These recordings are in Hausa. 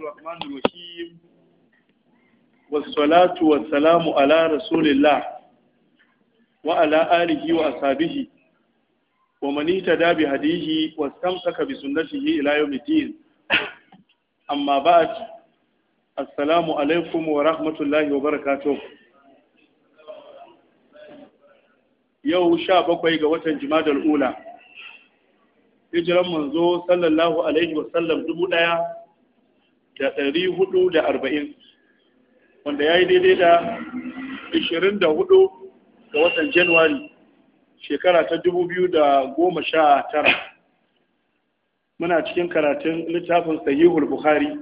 الرحمن الرحيم والصلاة والسلام على رسول الله وعلى آله وأصحابه ومن اهتدى بهديه واستمسك بسنته إلى يوم الدين أما بعد السلام عليكم ورحمة الله وبركاته yau شعب bakwai وطن جماد الأولى ula hijiran manzo sallallahu alaihi wasallam dubu daya da ɗari hudu da arba'in wanda ya yi daidai da ishirin da hudu ga watan januwari shekara ta dubu biyu da goma sha tara muna cikin karatun littafin sahihul bukhari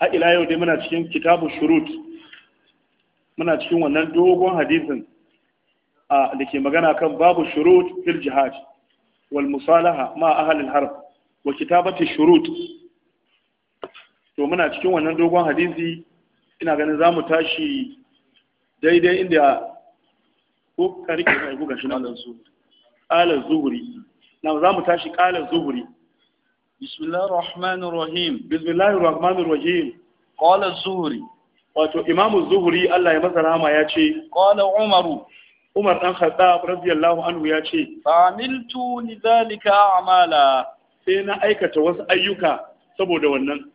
har yau dai muna cikin kitabun shurut muna cikin wannan dogon hadisin a da ke magana kan babu shurut fil jihad wal musalaha ma ahalin harb wa kitabati shurut to muna cikin wannan dogon hadisi ina ganin za mu tashi daidai inda ko karike na ibu gashi nan su qala zuhri na za mu tashi qala zuhuri. bismillahir rahmanir rahim bismillahir rahmanir rahim qala zuhuri. wato imam zuhri Allah ya masa rahama ya ce qala umaru umar dan khattab radiyallahu anhu ya ce amiltu lidhalika a'mala sai na aikata wasu ayyuka saboda wannan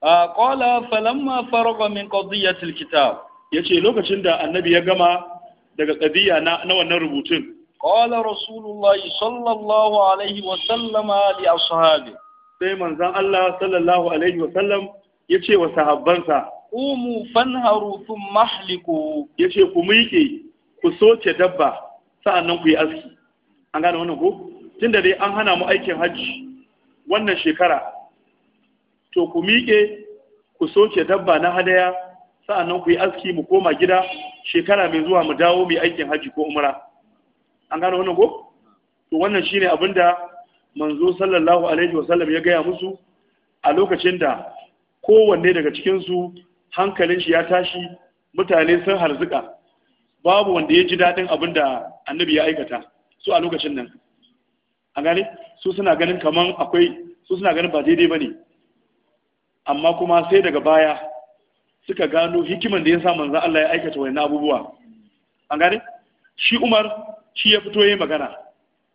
Ah, qala falamma faraga min qadiyati alkitab yace lokacin da annabi ya gama daga qadiya na na wannan rubutun qala rasulullahi sallallahu alaihi wa sallama li ashabi sai manzon Allah sallallahu alaihi wa sallam yace wa sahabbansa umu fanharu thumma mahliku yace ku miƙe ku soke dabba sa'annan ku yi aski an gane wannan ko tunda dai an hana mu aikin hajji wannan shekara to ku miƙe ku soke dabba na hadaya sa'annan ku yi aski mu koma gida shekara mai zuwa mu dawo mai aikin haji ko umra an gano wannan ko to wannan shine abin da manzo sallallahu alaihi wasallam ya gaya musu a lokacin da kowanne daga cikinsu hankalin shi ya tashi mutane sun harzuka babu wanda ya ji daɗin abin da annabi ya aikata su a lokacin nan a gane su suna ganin kaman akwai su suna ganin ba daidai ba ne amma kuma sai daga baya suka gano hikiman da ya sa manzan Allah ya aikata wani abubuwa an gane shi umar shi ya fito ya yi magana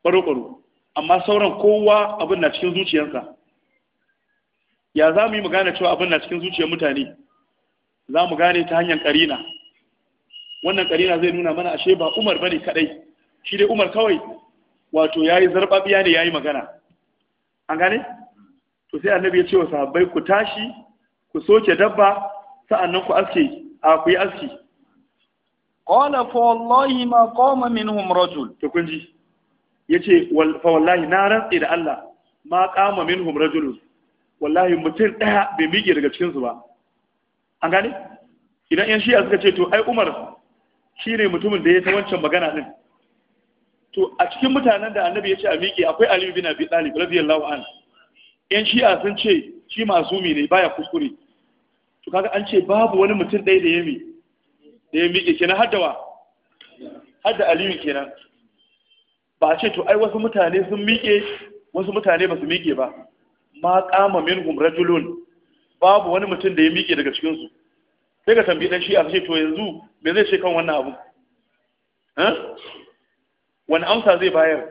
ɓaro-ɓaro amma sauran kowa abin na cikin zuciyarsa ya za mu yi magana cewa abin na cikin zuciyar mutane za mu gane ta hanyar ƙarina wannan ƙarina zai nuna mana ashe ba umar ba ne kaɗai shi dai umar kawai wato ya yi zarɓaɓiya ne ya yi magana an gane to sai annabi ya ce wa sahabbai ku tashi ku soke dabba sa'annan ku aske a ku yi aski qala fa wallahi ma qama minhum rajul to kun ji yace fa wallahi na rantsi da Allah ma qama minhum rajul wallahi mutum daya bai miƙe daga cikin su ba an gane idan yan shi'a suka ce to ai Umar shine mutumin da ya ta wancan magana din to a cikin mutanen da annabi ya ce a miƙe akwai Ali bin Abi Talib radiyallahu anhu yan shi'a sun ce shi masumi ne baya kuskure to kaga an ce babu wani mutum ɗaya da ya da ya miƙe kenan har da wa har da aliyu kenan ba a ce to ai wasu mutane sun miƙe wasu mutane ba su miƙe ba ma kama minhum rajulun babu wani mutum da ya miƙe daga cikin su sai ka tambayi dan shi'a ce to yanzu me zai ce kan wannan abu wani amsa zai bayar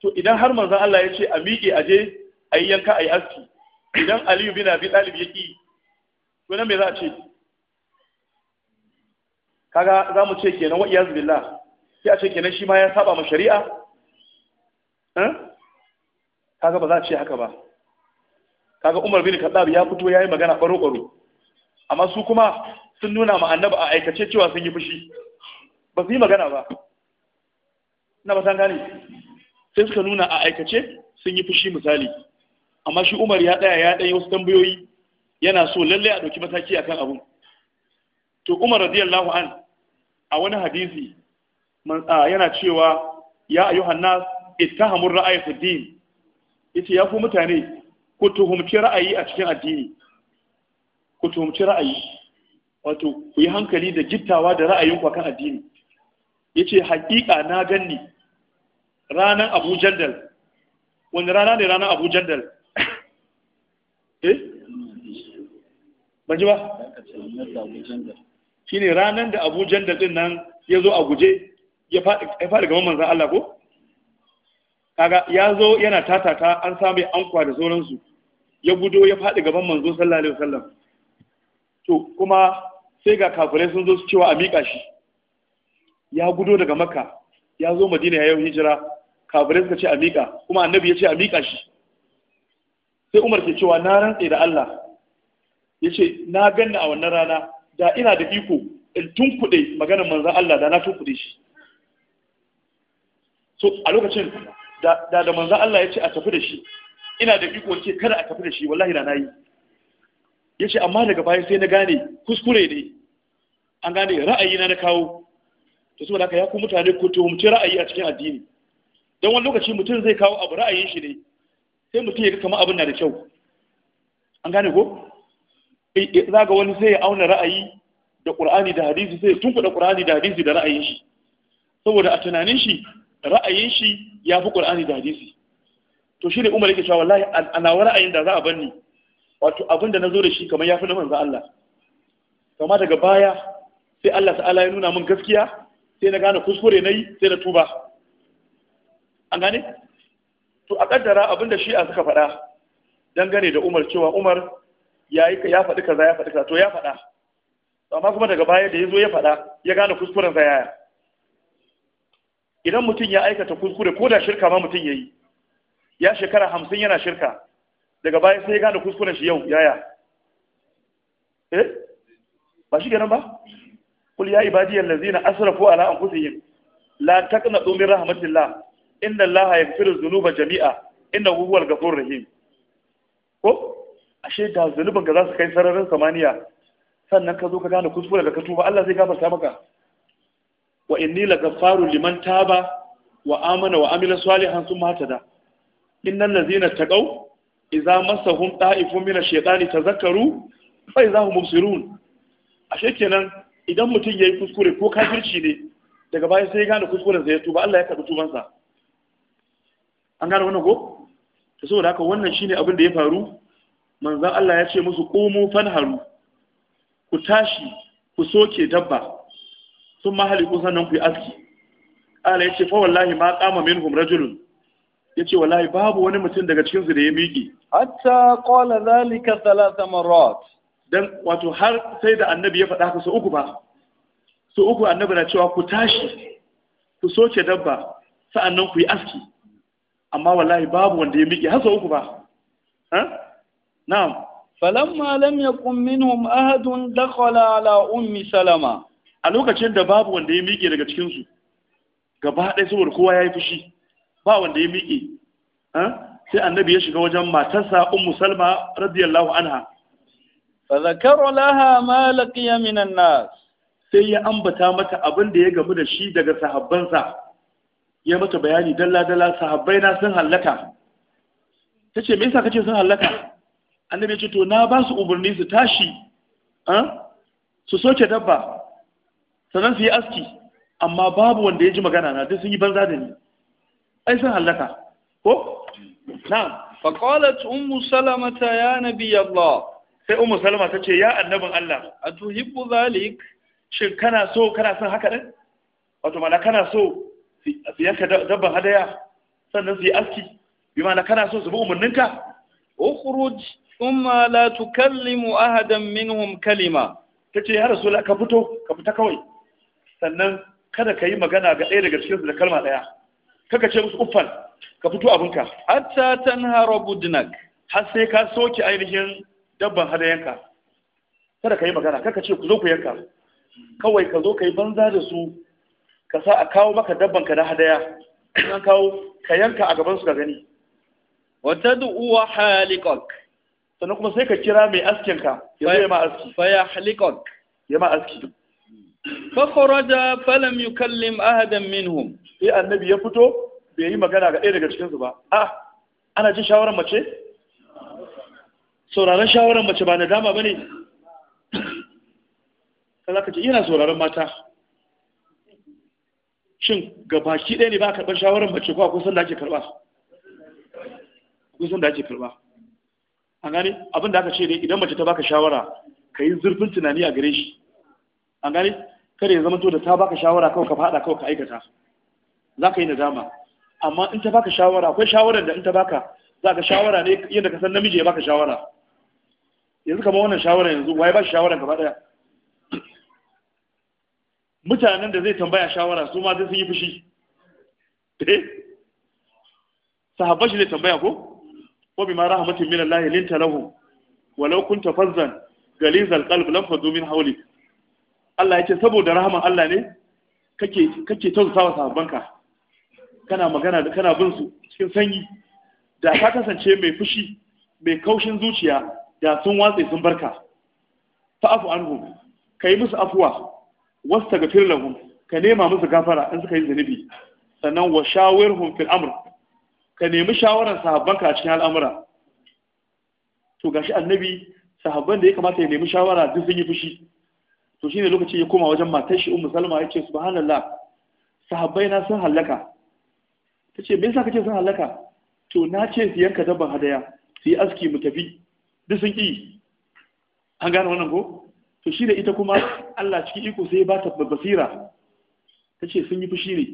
to idan har manzon Allah ya ce a miƙe aje a yi yanka a yi aski idan aliyu bin abi talib ya ƙi to nan me za a ce kaga za mu ce kenan wa iyaz billah sai a ce kenan shi ma ya saba ma shari'a eh? kaga ba za a ce haka ba kaga Umar bin Khattab ya fito yayi magana baro baro amma su kuma sun nuna ma annabi a aikace cewa sun yi fushi ba su yi magana ba na ba san gane sai suka nuna a aikace sun yi fushi misali amma shi Umar ya tsaya ya ɗanyi wasu tambayoyi yana so lallai a ɗauki mataki a kan abu. to Umar radiyallahu an a wani hadisi yana cewa ya ayyuhan ita hamun ra'ayi fi din yace ya fi mutane ku tuhumci ra'ayi a cikin addini ku tuhumci ra'ayi wato ku yi hankali da gittawa da ra'ayin ku kan addini yace haƙiƙa na ganni ranan Abu Jandal wani rana ne ranan Abu Jandal eh ban ji ba shine ranar da Abu Jandal din nan ya zo a guje ya faɗi gama manzan Allah ko kaga ya zo yana tatata an samu ankwa da sauransu ya gudo ya faɗi gaban manzo sallallahu wasallam to kuma sai ga kafirai sun zo su cewa a miƙa shi ya gudo daga makka ya zo madina ya yau hijira kafirai suka ce a miƙa kuma annabi ya ce a miƙa shi sai umar ke cewa na rantse da Allah ya ce na ganna a wannan rana da ina da iko in tunkuɗe maganar manzan Allah da na tunkuɗe shi so a lokacin da da manzan Allah ya ce a tafi da shi ina da iko ce kada a tafi da shi wallahi da na yi ya ce amma daga baya sai na gane kuskure ne an gane ra'ayi na na kawo to saboda haka ya ku mutane ku tuhumci ra'ayi a cikin addini don wani lokaci mutum zai kawo abu ra'ayin shi ne sai mutum ya kama abin na da kyau an gane ko za ga wani sai ya auna ra'ayi da ƙur'ani da hadisi sai ya tunkuɗa ƙur'ani da hadisi da ra'ayin shi saboda a tunanin shi ra'ayin shi ya fi ƙur'ani da hadisi to shi ne umar yake cewa wallahi a nawa ra'ayin da za a banni wato abin da na zo da shi kamar ya fi na manzo Allah kama daga baya sai Allah ta'ala ya nuna min gaskiya sai na gane kuskure na yi sai na tuba an gane to a kaddara abinda shi'a suka faɗa dangane da umar cewa umar ya yi ya faɗi kaza ya faɗi kaza to ya faɗa amma kuma daga baya da ya zo ya faɗa ya gane kuskuren sa yaya idan mutum ya aikata kuskure ko da shirka ma mutum ya yi ya shekara hamsin yana shirka daga baya sai ya gane kuskuren shi yau yaya eh ba shi kenan ba kul ya ibadiyal ladzina asrafu ala anfusihim la taqnatu min rahmatillah inna Allah yaghfiru dhunuba jami'a inna huwal ghafurur rahim ko ashe da zunuban ka za kai sararin samaniya sannan ka zo ka gane kuskure da ka tuba Allah zai gafarta maka wa inni laghafaru liman taba wa amana wa amila salihan summa hatada innal ladzina taqaw idza massahum ta'ifun min ash-shaytani tazakkaru fa idza hum mubsirun ashe kenan idan mutum yayi kuskure ko kafirci ne daga baya sai ya gane kuskuren sa ya tuba Allah ya karbi tubansa an gane wannan ko to saboda haka wannan shine abin da ya faru manzon Allah ya ce musu qumu fanharu ku tashi ku soke dabba sun mahaliku sannan ku yi aski ala ya ce fa wallahi ma qama minhum rajulun wa wallahi babu wani mutum daga cikin su da ya miƙe hatta qala zalika thalatha marrat dan wato har sai da annabi ya faɗa haka su uku ba su uku annabi na cewa ku tashi ku soke dabba sa'annan ku yi aski amma wallahi babu wanda ya miƙe hasa uku ba na'am falamma lam yakun minhum ahadun dakhala ala ummi salama a lokacin da babu wanda ya miƙe daga cikin su gaba ɗaya saboda kowa yayi fushi ba wanda ya miƙe sai annabi ya shiga wajen matarsa ummu salma radiyallahu anha fa zakara laha ma laqiya minan nas sai ya ambata mata abin da ya gamu da shi daga sahabbansa ya mata bayani dalla dalla sahabbai na sun hallaka ce me yasa ce sun hallaka annabi ya ce to na ba su umarni su tashi eh, su soke dabba sannan su yi aski amma babu wanda ya ji magana na duk sun yi banza da ni ai sun hallaka ko na'am faqalat ummu salamata ya nabi allah sai ummu salama ta ce ya annabin allah A atuhibbu zalik shin kana so kana son haka din wato mana kana so su yanka dabban hadaya sannan su yi aski bi ma'ana kana so su bi umarninka ukhruj umma la tukallimu ahadan minhum kalima tace ya rasul ka fito ka fita kawai sannan kada ka yi magana ga ɗaya daga cikinsu da kalma ɗaya kaka ce musu uffan ka fito abinka hatta tanharu budnak har sai ka soke ainihin dabban hadayanka kada ka yi magana kaka ce ku zo ku yanka kawai ka zo ka yi banza da su ka sa a kawo maka dabban ka na hadaya in an kawo ka yanka a gaban su ka gani wa tad'u halikak sannan kuma sai ka kira mai askin ka ya zo ya ma aski fa ya halikak ya ma aski fa kharaja falam yukallim ahadan minhum sai annabi ya fito bai yi magana ga ɗaya daga cikin su ba ah ana jin shawaran mace sauraron shawaran mace ba na dama bane kaza ka ce ina sauraron mata shin ga baki ɗaya ne ba karɓar shawarar mace ko akwai da ake karɓa kusan da ake karɓa an gane abin da aka ce dai idan mace ta baka shawara ka yi zurfin tunani a gare shi an gane kada ya zama to da ta baka shawara kawai ka faɗa kawai ka aikata za ka yi nadama amma in ta baka shawara akwai shawarar da in ta baka za ka shawara ne yadda ka san namiji ya baka shawara yanzu kamar wannan shawara yanzu waye ba shi shawara gaba ɗaya mutanen da zai tambaya shawara su ma zai sun yi fushi eh shi zai tambaya ko ko bi ma rahmatin min Allah linta lahum walau kunta fazzan galizal qalb lam fadu min hawli Allah yake saboda rahman Allah ne kake kake tausawa sahabbanka kana magana da kana bin su cikin sanyi da ka kasance mai fushi mai kaushin zuciya da sun watse sun barka fa'afu ka yi musu afuwa wastaghfir lahum ka nema musu gafara in suka yi zunubi sannan wa shawirhum fil amr ka nemi shawaran sahabban ka cikin al'amura to gashi annabi sahabban da ya kamata ya nemi shawara duk sun yi fushi to shine lokacin ya koma wajen matar shi ummu salma yace subhanallah sahabbai na sun halaka tace me yasa kace sun halaka to na ce su yanka dabban hadaya su yi aski mu tafi duk sun ki an gane wannan ko to shi da ita kuma Allah cikin iko sai ba ta basira ta ce sun yi fushi ne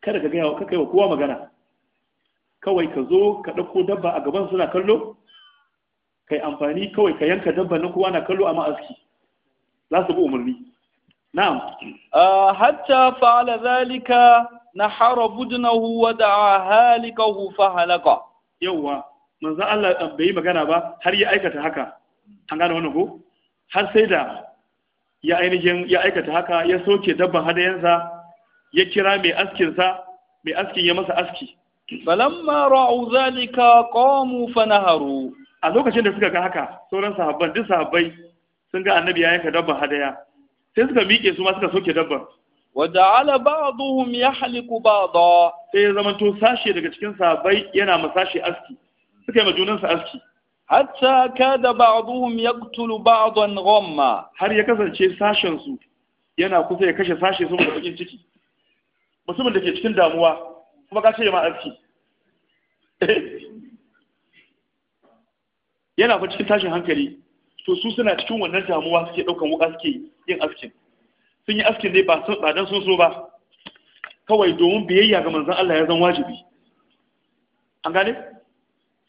kada ka gaya ka kai wa kowa magana kawai ka zo ka ɗauko dabba a gaban suna kallo kai amfani kawai ka yanka dabba na kowa na kallo a ma'aski za su bi umarni na'am hatta fa'ala zalika nahara budnahu wa da'a halikahu fa halaka yawa manzo Allah bai magana ba har ya aikata haka an gane wannan ko har sai da ya ainihin ya aikata haka ya soke dabban hadayensa ya kira mai askinsa mai askin ya masa aski falamma ra'u zalika qamu fanaharu a lokacin da suka ga haka sauran sahabban duk sahabbai sun ga annabi ya yanka dabban hadaya sai suka miƙe su ma suka soke dabban waja'ala ba'dhum yahliku ba'dha sai ya to sashe daga cikin sahabbai yana masashi aski suka yi ma aski hatta kada ba'dhum yaqtulu ba'dhan ghamma har ya kasance sashen su yana kusa ya kashe sashe saboda bakin ciki mutumin da ke cikin damuwa kuma ka ce ma aski yana ba cikin tashin hankali to su suna cikin wannan damuwa suke daukan wuka suke yin askin sun yi askin ne ba sun tsadan sun so ba kawai domin biyayya ga manzon Allah ya zan wajibi an gane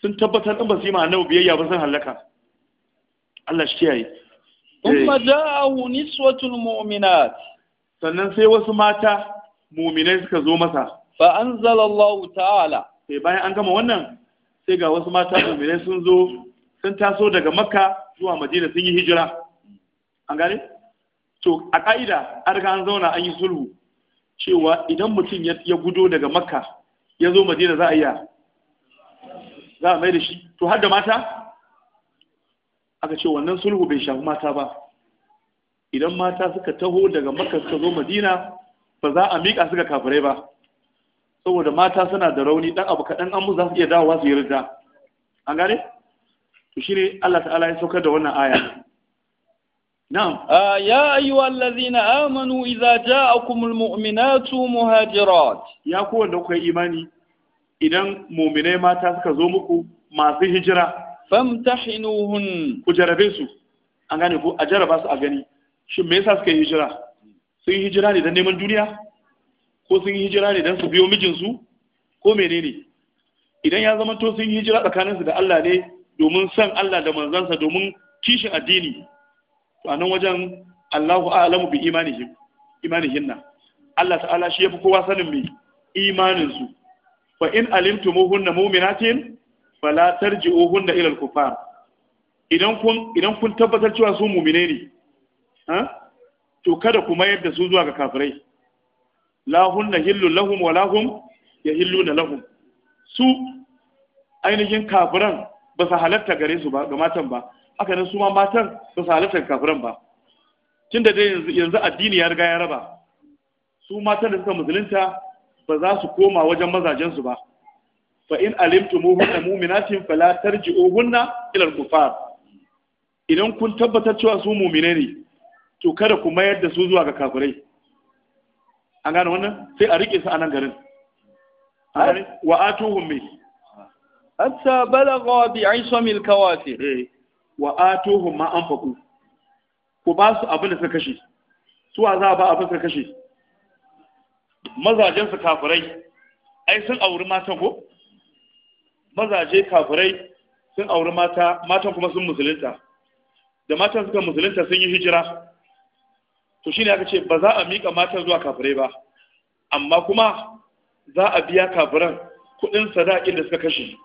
sun tabbatar in ba su yi ma biyayya ba sun hallaka Allah shi kiyaye umma eh. ja'ahu suwatun mu'minat sannan sai wasu mata mu'minai suka zo masa Ba an zalallahu ta'ala sai eh, bayan an gama wannan sai ga wasu mata mu'minai sun zo sun taso daga makka zuwa madina sun yi hijira an gane to a ka'ida an riga an zauna an yi sulhu cewa idan mutum ya gudo daga makka ya zo madina za a iya za a mai da shi to har da mata aka ce wannan sulhu bai shafi mata ba idan mata suka taho daga makar suka zo madina ba za a miƙa suka kafirai ba saboda mata suna da rauni ɗan abu kaɗan an musu za su iya dawowa su yi rida an gane to shi ne Allah ta'ala ya saukar da wannan aya نعم يا أيها الذين آمنوا إذا جاءكم المؤمنات مهاجرات يا كون دوك إيماني idan mumine mata suka zo muku masu hijira famtahinuhun ku jarabe su an gane ko a jaraba su a gani shin me yasa suka hijira sun yi hijira ne don neman duniya ko sun yi hijira ne don su biyo mijinsu ko menene idan ya zama to sun yi hijira tsakaninsu da Allah ne domin san Allah da manzansa domin kishin addini to anan wajen Allahu a'lamu bi imanihim imanihinna Allah ta'ala shi yafi kowa sanin me imanin su fa in alimtumuhunna mu'minatin fala tarji'uhunna ila al-kufar idan kun idan kun tabbatar cewa su mu'mine ne ha to kada ku mayar da su zuwa ga kafirai la hunna hillu lahum wa lahum yahilluna lahum su ainihin kafiran ba su halatta gare su ba ga matan ba haka nan su ma matan ba su halatta kafiran ba tunda dai yanzu addini ya riga ya raba su matan da suka musulunta ba za su koma wajen mazajensu ba fa in alimtumuhunna mu'minatin fala tarji'uhunna ila al-kufar idan kun tabbatar cewa su mu'mine ne to kada ku mayar da su zuwa ga kafirai an gane wannan sai a rike su a nan garin wa atuhum bi hatta balagha bi aisamil kawafir eh, wa atuhum ma anfaqu ku ba su abin da suka kashe suwa za a ba abin da suka kashe mazajen su kafirai ai sun auri matan ko mazaje kafirai sun auri mata matan kuma sun musulunta da matan suka musulunta sun yi hijira to shine aka ce ba za a mika matan zuwa kafirai ba amma kuma za a biya kafiran kuɗin sadaƙin da suka kashe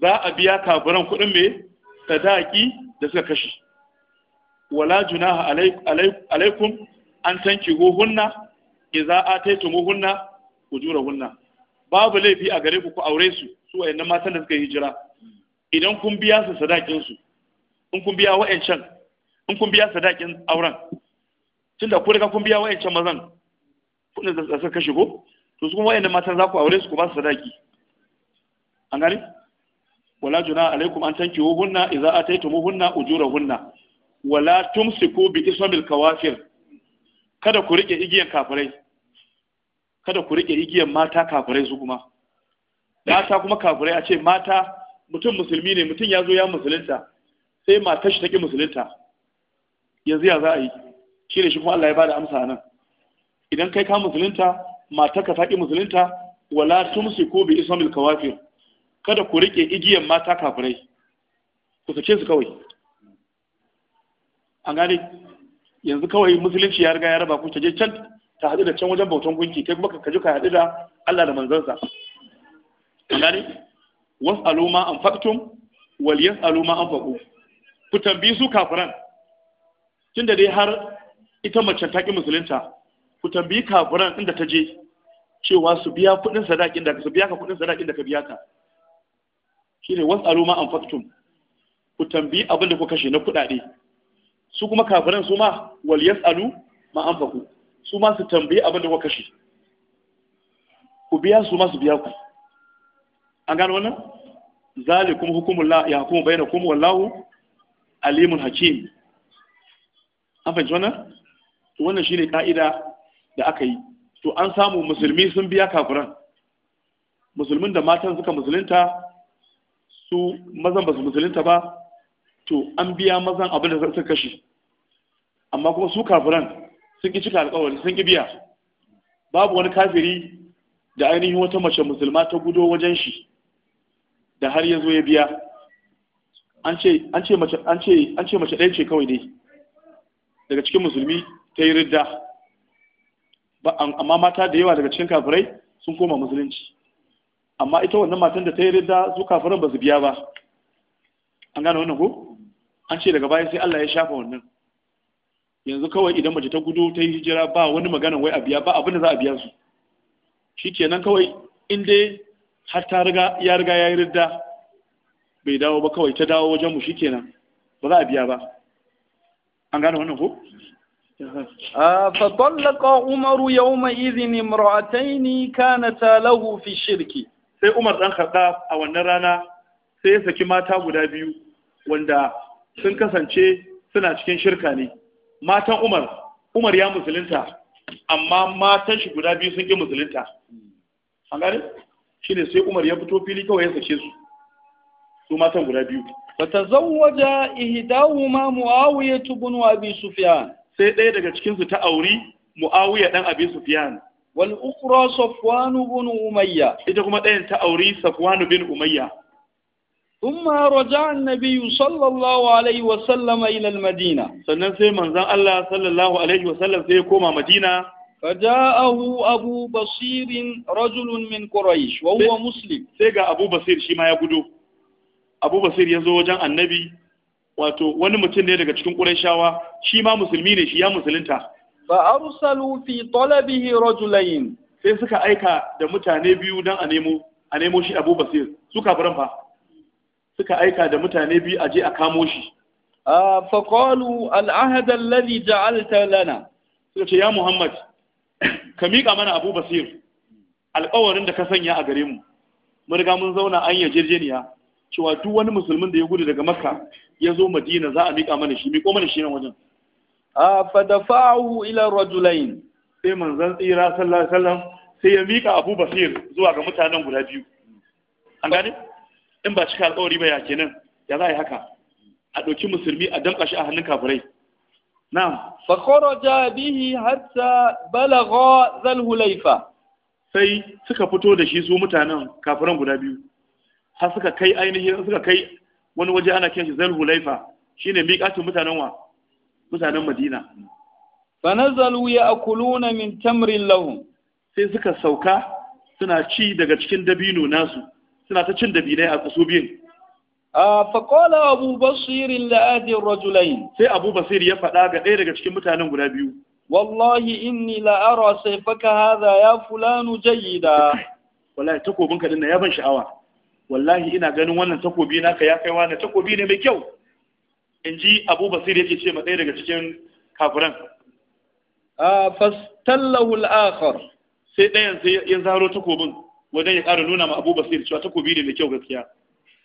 za a biya kafiran kuɗin mai sadaƙi da suka kashe wala junaha alaikum an tanki hunna ku jura hunna babu laifi a gare ku ku aure su su wayannan matan da suka hijira idan kun biya su sadakin su in kun biya wa'ancan in kun biya sadakin auren tunda ku riga kun biya wa'ancan mazan kudin da suka kashe ko to su kuma wayannan matan za ku aure su ku ba su sadaki an gane wala juna alaikum an tanki wa hunna idza ujura hunna wala tumsiku bi ismil kawafir kada ku rike igiyan kafirai kada ku rike igiyar mata kafirai su kuma mata kuma kafirai a ce mata mutum musulmi ne mutum ya zo ya musulunta sai mata shi take musulunta yanzu ya za a yi shi ne shi kuma Allah ya bada amsa nan idan kai ka musulunta matarka ta ki musulunta wala tumsiku bi ismil kawafir kada ku rike igiyar mata kafirai ku sake su kawai an gane yanzu kawai musulunci ya riga ya raba ku ta je can ta haɗu da can wajen bautan gunki kai kuma ka ji ka haɗu da Allah da manzansa gani wasu aluma an anfaqtum wal aluma an anfaqu ku tambayi su kafiran tunda dai har ita mace ta ki musulunta ku tambayi kafiran inda ta je cewa su biya kuɗin sadakin da su biya ka kuɗin sadakin da ka biya ka shine wasu ma anfaqtum ku tambayi abin da ku kashe na kuɗaɗe su kuma kafiran su ma wal alu ma anfaqu su ma su tambayi abin da kashi, kashe ku biya su ma su biya ku an gano wannan zalikum hukumullah ya hukumu bainakum wallahu alimun hakim an fahimci wannan to wannan shine ka'ida da aka yi to an samu musulmi sun biya kafiran musulmin da matan suka musulunta su mazan ba su musulunta ba to an biya mazan abin da suka kashe amma kuma su kafiran sun ki cika alkawari sun ki biya babu wani kafiri da ainihin wata mace musulma ta gudo wajen shi da har yanzu ya biya an ce mace ɗaya ce kawai dai daga cikin musulmi ta yi ridda amma mata da yawa daga cikin kafirai sun koma musulunci amma ita wannan matan da ta yi ridda su kafiran ba su biya ba an gane wannan ko an ce daga baya sai Allah ya shafa wannan yanzu kawai idan mace ta gudu ta yi hijira ba wani magana wai a biya ba abin da za a biya su Shi kenan kawai inda har ta riga ya riga ya yi ridda bai dawo ba kawai ta dawo wajen mu kenan, ba za a biya ba an gane wannan ko فطلق عمر يومئذ امرأتين كانتا له في الشرك sai Umar dan Khattab a wannan rana sai ya saki mata guda biyu wanda sun kasance suna cikin shirka ne matan umar umar ya musulunta amma matan shi guda biyu sun ƙi musulunta an gane shi ne sai umar ya fito fili kawai ya sake su su matan guda biyu fatazawwaja ihdahuma muawiya wa abi sufyan sai ɗaya daga cikin su ta auri muawiya dan abi sufyan wal ukhra safwan ibn umayya ita kuma ɗayan ta auri safwan bin umayya ثم رجع النبي صلى الله عليه وسلم إلى المدينة sannan sai manzon Allah sallallahu alaihi wasallam sai ya koma Madina فجاءه أبو بصير رجل من قريش وهو مسلم sai ga Abu Basir shi ma ya gudu Abu Basir ya zo wajen Annabi wato wani mutum ne daga cikin Qurayshawa shi ma musulmi ne shi ya musulunta fa arsalu fi talabihi rajulain sai suka aika da mutane biyu dan a nemo a nemo shi Abu Basir su kafiran fa suka aika da mutane biyu a je a kamo shi fa qalu al ahad alladhi ja'alta lana suka ce ya muhammad ka miƙa mana abu basir alƙawarin da ka sanya a gare mu mun riga mun zauna an yi jirjiniya, cewa duk wani musulmin da ya gudu daga makka ya zo madina za a miƙa mana shi miƙo mana shi nan wajen a fadafa'u ila rajulain sai manzan tsira sallallahu alaihi wasallam sai ya miƙa abu basir zuwa ga mutanen guda biyu an gane in ba cika alƙawari ba ya kenan ya za a yi haka a ɗauki musulmi a danƙa shi a hannun kafirai na'am fa kharaja bihi hatta balagha zal hulaifa sai suka fito da shi su mutanen kafiran guda biyu har suka kai ainihin suka kai wani waje ana kiran shi zal hulaifa shine miƙatin mutanen wa mutanen Madina fa nazalu ya'kuluna min tamrin lahum sai suka sauka suna ci daga cikin dabino nasu suna ta cin dabinai a su biyun fakola abu أبو بصير لآدي الرجلين سي أبو ya يفدا ga ɗaya daga cikin mutanen guda biyu wallahi inni la ara sayfaka hadha ya fulanu jayyida wallahi takobin ka dinna ya ban sha'awa wallahi ina ganin wannan takobi naka ya kai wani takobi ne mai kyau inji Abu Basir yake ce ma ɗaya daga cikin kafiran fastallahu al-akhar sai ɗayan sai ya zaro takobin wajen ya ƙara nuna ma Abu Basir cewa takobi ne mai kyau gaskiya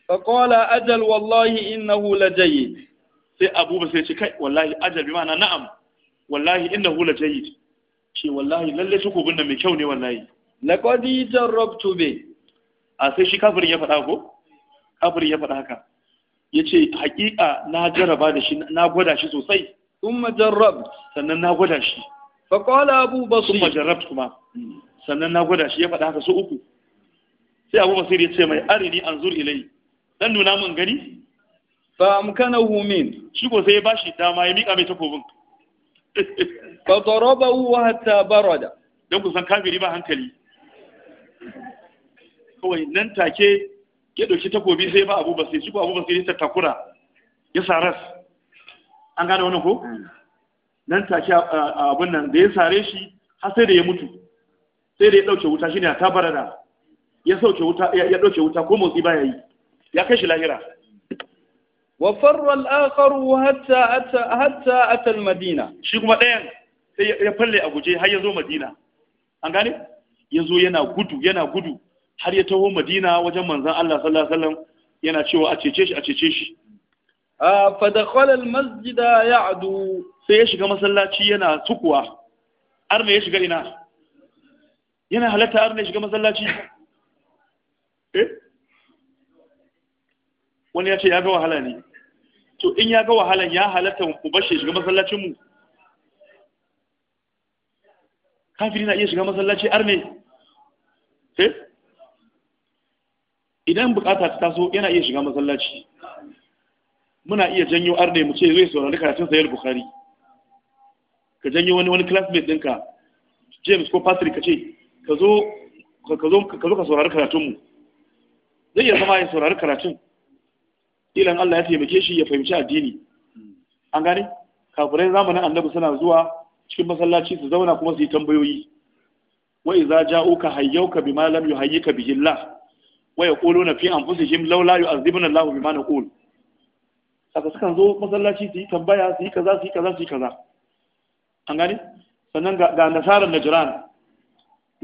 faqala ajal wallahi innahu lajayyid sai Abu Basir ce kai wallahi ajal bi ma'ana na'am wallahi innahu lajayyid ce wallahi lalle takobin nan mai kyau ne wallahi laqad jarrabtu bi a sai shi kafirin ya faɗa ko kafirin ya faɗa haka Ya ce haƙiƙa na jaraba da shi na gwada shi sosai thumma jarrab sannan na gwada shi faqala abu basir thumma jarrabtu ma sannan na gwada shi ya faɗa haka su uku sai abu basir ya ce mai arini zuri ilai dan nuna mun gani fa hu min shi ko sai ya bashi dama ya mika mai takobin fa darabahu hatta barada dan ku san kafiri ba hankali kawai nan take ke dauki takobi sai ba abu basir shi ko abu basir ya takura ya saras an gane wannan ko hmm. nan take abun nan da ya sare shi har sai da ya mutu sai da ya dauke wuta shine ta barada ya sauke wuta ya dauke wuta ko motsi baya yi ya kai shi lahira wa farra al-akhar hatta hatta ata al-madina shi kuma ɗayan sai ya falle a guje har ya zo madina an gane ya zo yana gudu yana gudu har ya taho madina wajen manzon Allah sallallahu alaihi wasallam yana cewa a cece shi a cece shi fa dakhala al-masjida ya'du sai ya shiga masallaci yana tukuwa arna ya shiga ina yana halatta arna ya shiga masallaci Eh? wani ya ce ya ga wahala ne to in ya ga wahala ya halatta mu bashe shiga masallacin mu kafiri na iya shiga masallaci arne eh idan bukata ta taso yana iya shiga masallaci muna iya janyo arne mu ce zai saurari karatun sayar bukhari ka janyo wani wani classmate ɗinka james ko patrick ka ce ka zo ka saurari karatunmu zai iya zama ya saurari karatun ilan Allah ya taimake shi ya fahimci addini an gane kafirai zamanin annabi suna zuwa cikin masallaci su zauna kuma su yi tambayoyi wa iza ja'uka hayyuka bima lam yuhayyika bihi Allah wa yaquluna fi anfusihim laula yu'adhibuna Allah bima naqul saka sukan zo masallaci su yi tambaya su yi kaza su yi kaza su yi kaza an gane sannan ga nasarar najran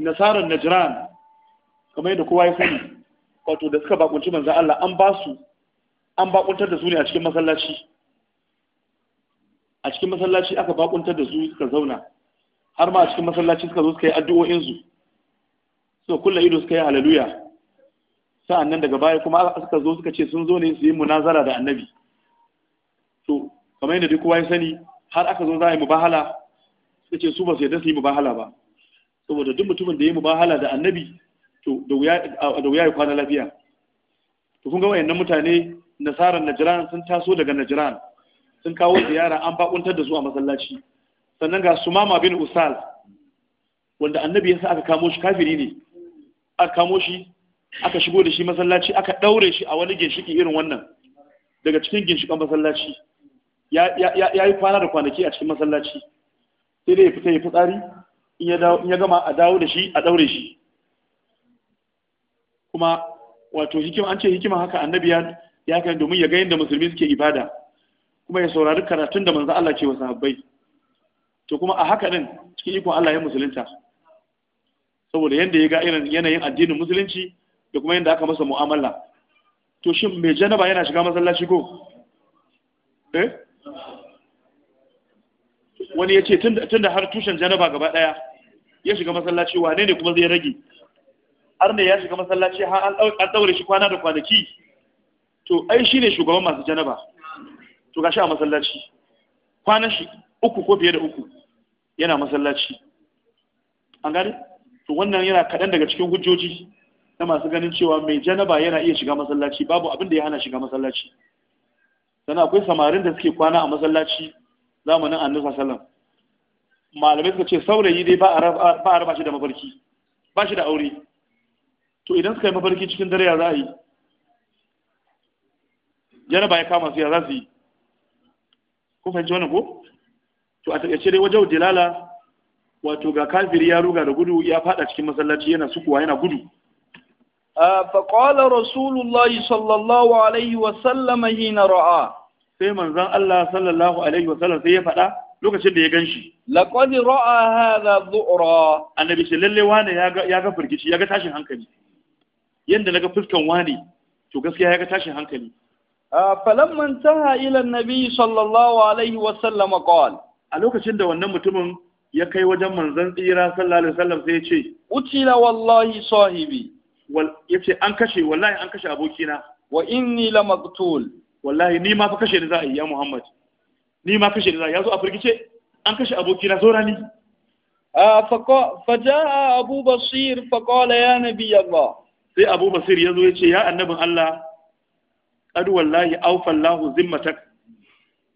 nasarar najran kamar yadda kowa ya sani wato da suka bakunci manzan Allah an ba su an bakuntar da su ne a cikin masallaci a cikin masallaci aka bakuntar da su suka zauna har ma a cikin masallaci suka zo suka yi addu'o'in su suka kullu ido suka yi haleluya sa'an nan daga baya kuma suka zo suka ce sun zo ne su yi munazara da annabi to kamar yadda duk kowa ya sani har aka zo za a yi mubahala suka ce su ba su yarda su yi mubahala ba saboda duk mutumin da ya yi mubahala da annabi da wuya ya kwana lafiya to kun ga wayannan mutane nasarar najran sun taso daga najran sun kawo ziyara an bakuntar da su a masallaci sannan ga sumama bin usal wanda annabi ya sa aka kamo shi kafiri ne aka kamo shi aka shigo da shi masallaci aka daure shi a wani ginshiki irin wannan daga cikin ginshikan masallaci ya yi kwana da kwanaki a cikin masallaci sai dai ya fita ya fitsari in ya gama a dawo da shi a daure shi kuma wato hikima an ce hikima haka annabi ya ya kai domin ya ga yadda musulmi suke ibada kuma ya saurari karatun da manzo Allah ce wa sahabbai to kuma a haka din cikin ikon Allah ya musulunta saboda yadda ya ga irin yanayin addinin musulunci da kuma yadda aka masa mu'amala to shin mai janaba yana shiga masallaci ko eh wani ya ce tun da har tushen janaba gaba daya ya shiga masallaci wane ne kuma zai rage ne ya shiga masallaci har an daure shi kwana da kwanaki to ai shi ne shugaban masu janaba to gashi a masallaci kwanan shi uku ko biyar da uku yana masallaci an gane to wannan yana kaɗan daga cikin hujjoji na masu ganin cewa mai janaba yana iya shiga masallaci babu abin da ya hana shiga masallaci sannan akwai samarin da suke kwana a masallaci zamanin annabi sallam malamai suka ce saurayi dai ba a raba shi da mafarki ba shi da aure to idan suka yi mafarki cikin dare ya za a yi ba ya kama su ya za su yi ko fahimci wani ko to a takaice dai wajen dilala wato ga kafiri ya ruga da gudu ya fada cikin masallaci yana sukuwa yana gudu فقال رسول sallallahu alaihi wasallam yi na ra'a sai manzan Allah sallallahu alaihi wasallam sai ya faɗa lokacin da ya ganshi laƙwani ra'a hadha dhu'ra annabi shi lalle ne ya ga ya ga ya ga tashin hankali yanda naga fuskan wani to gaskiya ya ga tashin hankali falamma intaha ila annabi sallallahu alaihi wa sallam qala a lokacin da wannan mutumin ya kai wajen manzon tsira sallallahu alaihi wasallam sai ya ce utila wallahi sahibi wal yace an kashe wallahi an kashe abokina wa inni la maqtul wallahi ni ma fa kashe ni za a yi ya Muhammad ni ma kashe ni za a yi yazo a firgice an kashe abokina saura ni فجاء أبو بصير فقال ya nabi الله sai abu basir ya zo ya ce ya annabin Allah qad wallahi awfallahu zimmatak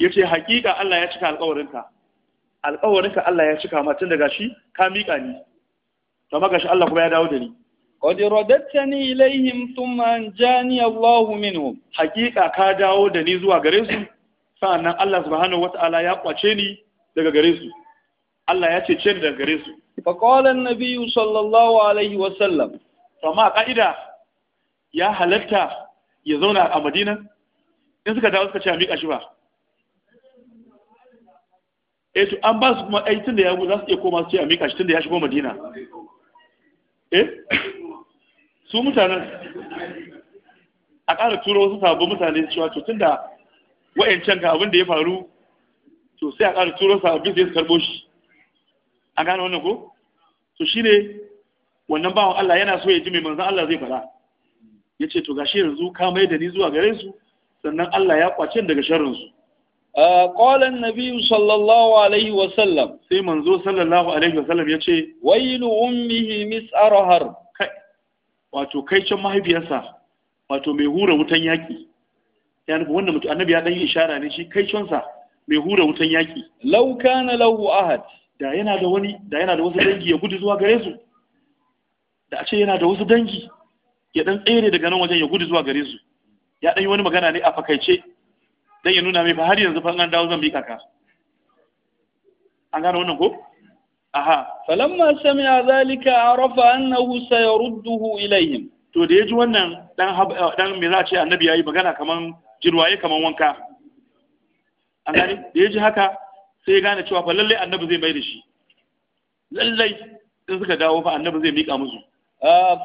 ce haƙiƙa Allah ya cika alƙawarinka alƙawarinka Allah ya cika ma daga shi ka miƙa ni to maka shi Allah kuma ya dawo da ni qad radattani ilaihim thumma anjani Allah minhum Haƙiƙa ka dawo da ni zuwa gare su sannan Allah subhanahu wata'ala ya kwace ni daga gare su Allah ya ce ni daga gare su fa qala an nabiyyu sallallahu alaihi wa sallam amma a ka'ida ya halatta ya zauna a madina in suka dawo suka ce a miƙa shi ba E to an ba su kuma ai tun da ya za su iya koma su ce a miƙa shi tun da ya shigo madina E? su mutanen a ƙara turo wasu sabbin mutane cewa to tun da wa'ancan ga abin da ya faru to sai a ƙara turo sabbin sai su karɓo shi A gane wannan ko to shi ne. wannan bawan Allah yana so ya ji mai manzan Allah zai faɗa ce to gashi yanzu ka mai da ni zuwa gare su sannan Allah ya kwace daga sharrin su qalan nabiyyu sallallahu alaihi wa sallam sai manzo sallallahu alaihi wa sallam يتي ويل أمه مسأر هر wato kai can mahaifiyarsa wato mai hura wutan yaƙi yana ga wannan mutum annabi ya dan yi ishara ne shi kai sa mai hura wutan yaƙi law kana lahu ahad da yana da wani da yana da wasu dangi ya gudu zuwa gare su da a ce yana da wasu dangi ya dan tsere daga nan wajen ya gudu zuwa gare su ya dan yi wani magana ne a fakaice dan ya nuna mai fa har yanzu fa an dawo zan bi kaka an gane wannan ko aha falamma sami'a zalika arafa annahu sayarudduhu ilayhim to da yaji wannan dan dan eh, me za a ce annabi yayi magana kaman jirwaye kaman wanka an gane da yaji haka sai ya gane cewa fa lalle annabi zai mai da shi lallai in suka dawo fa annabi zai mika musu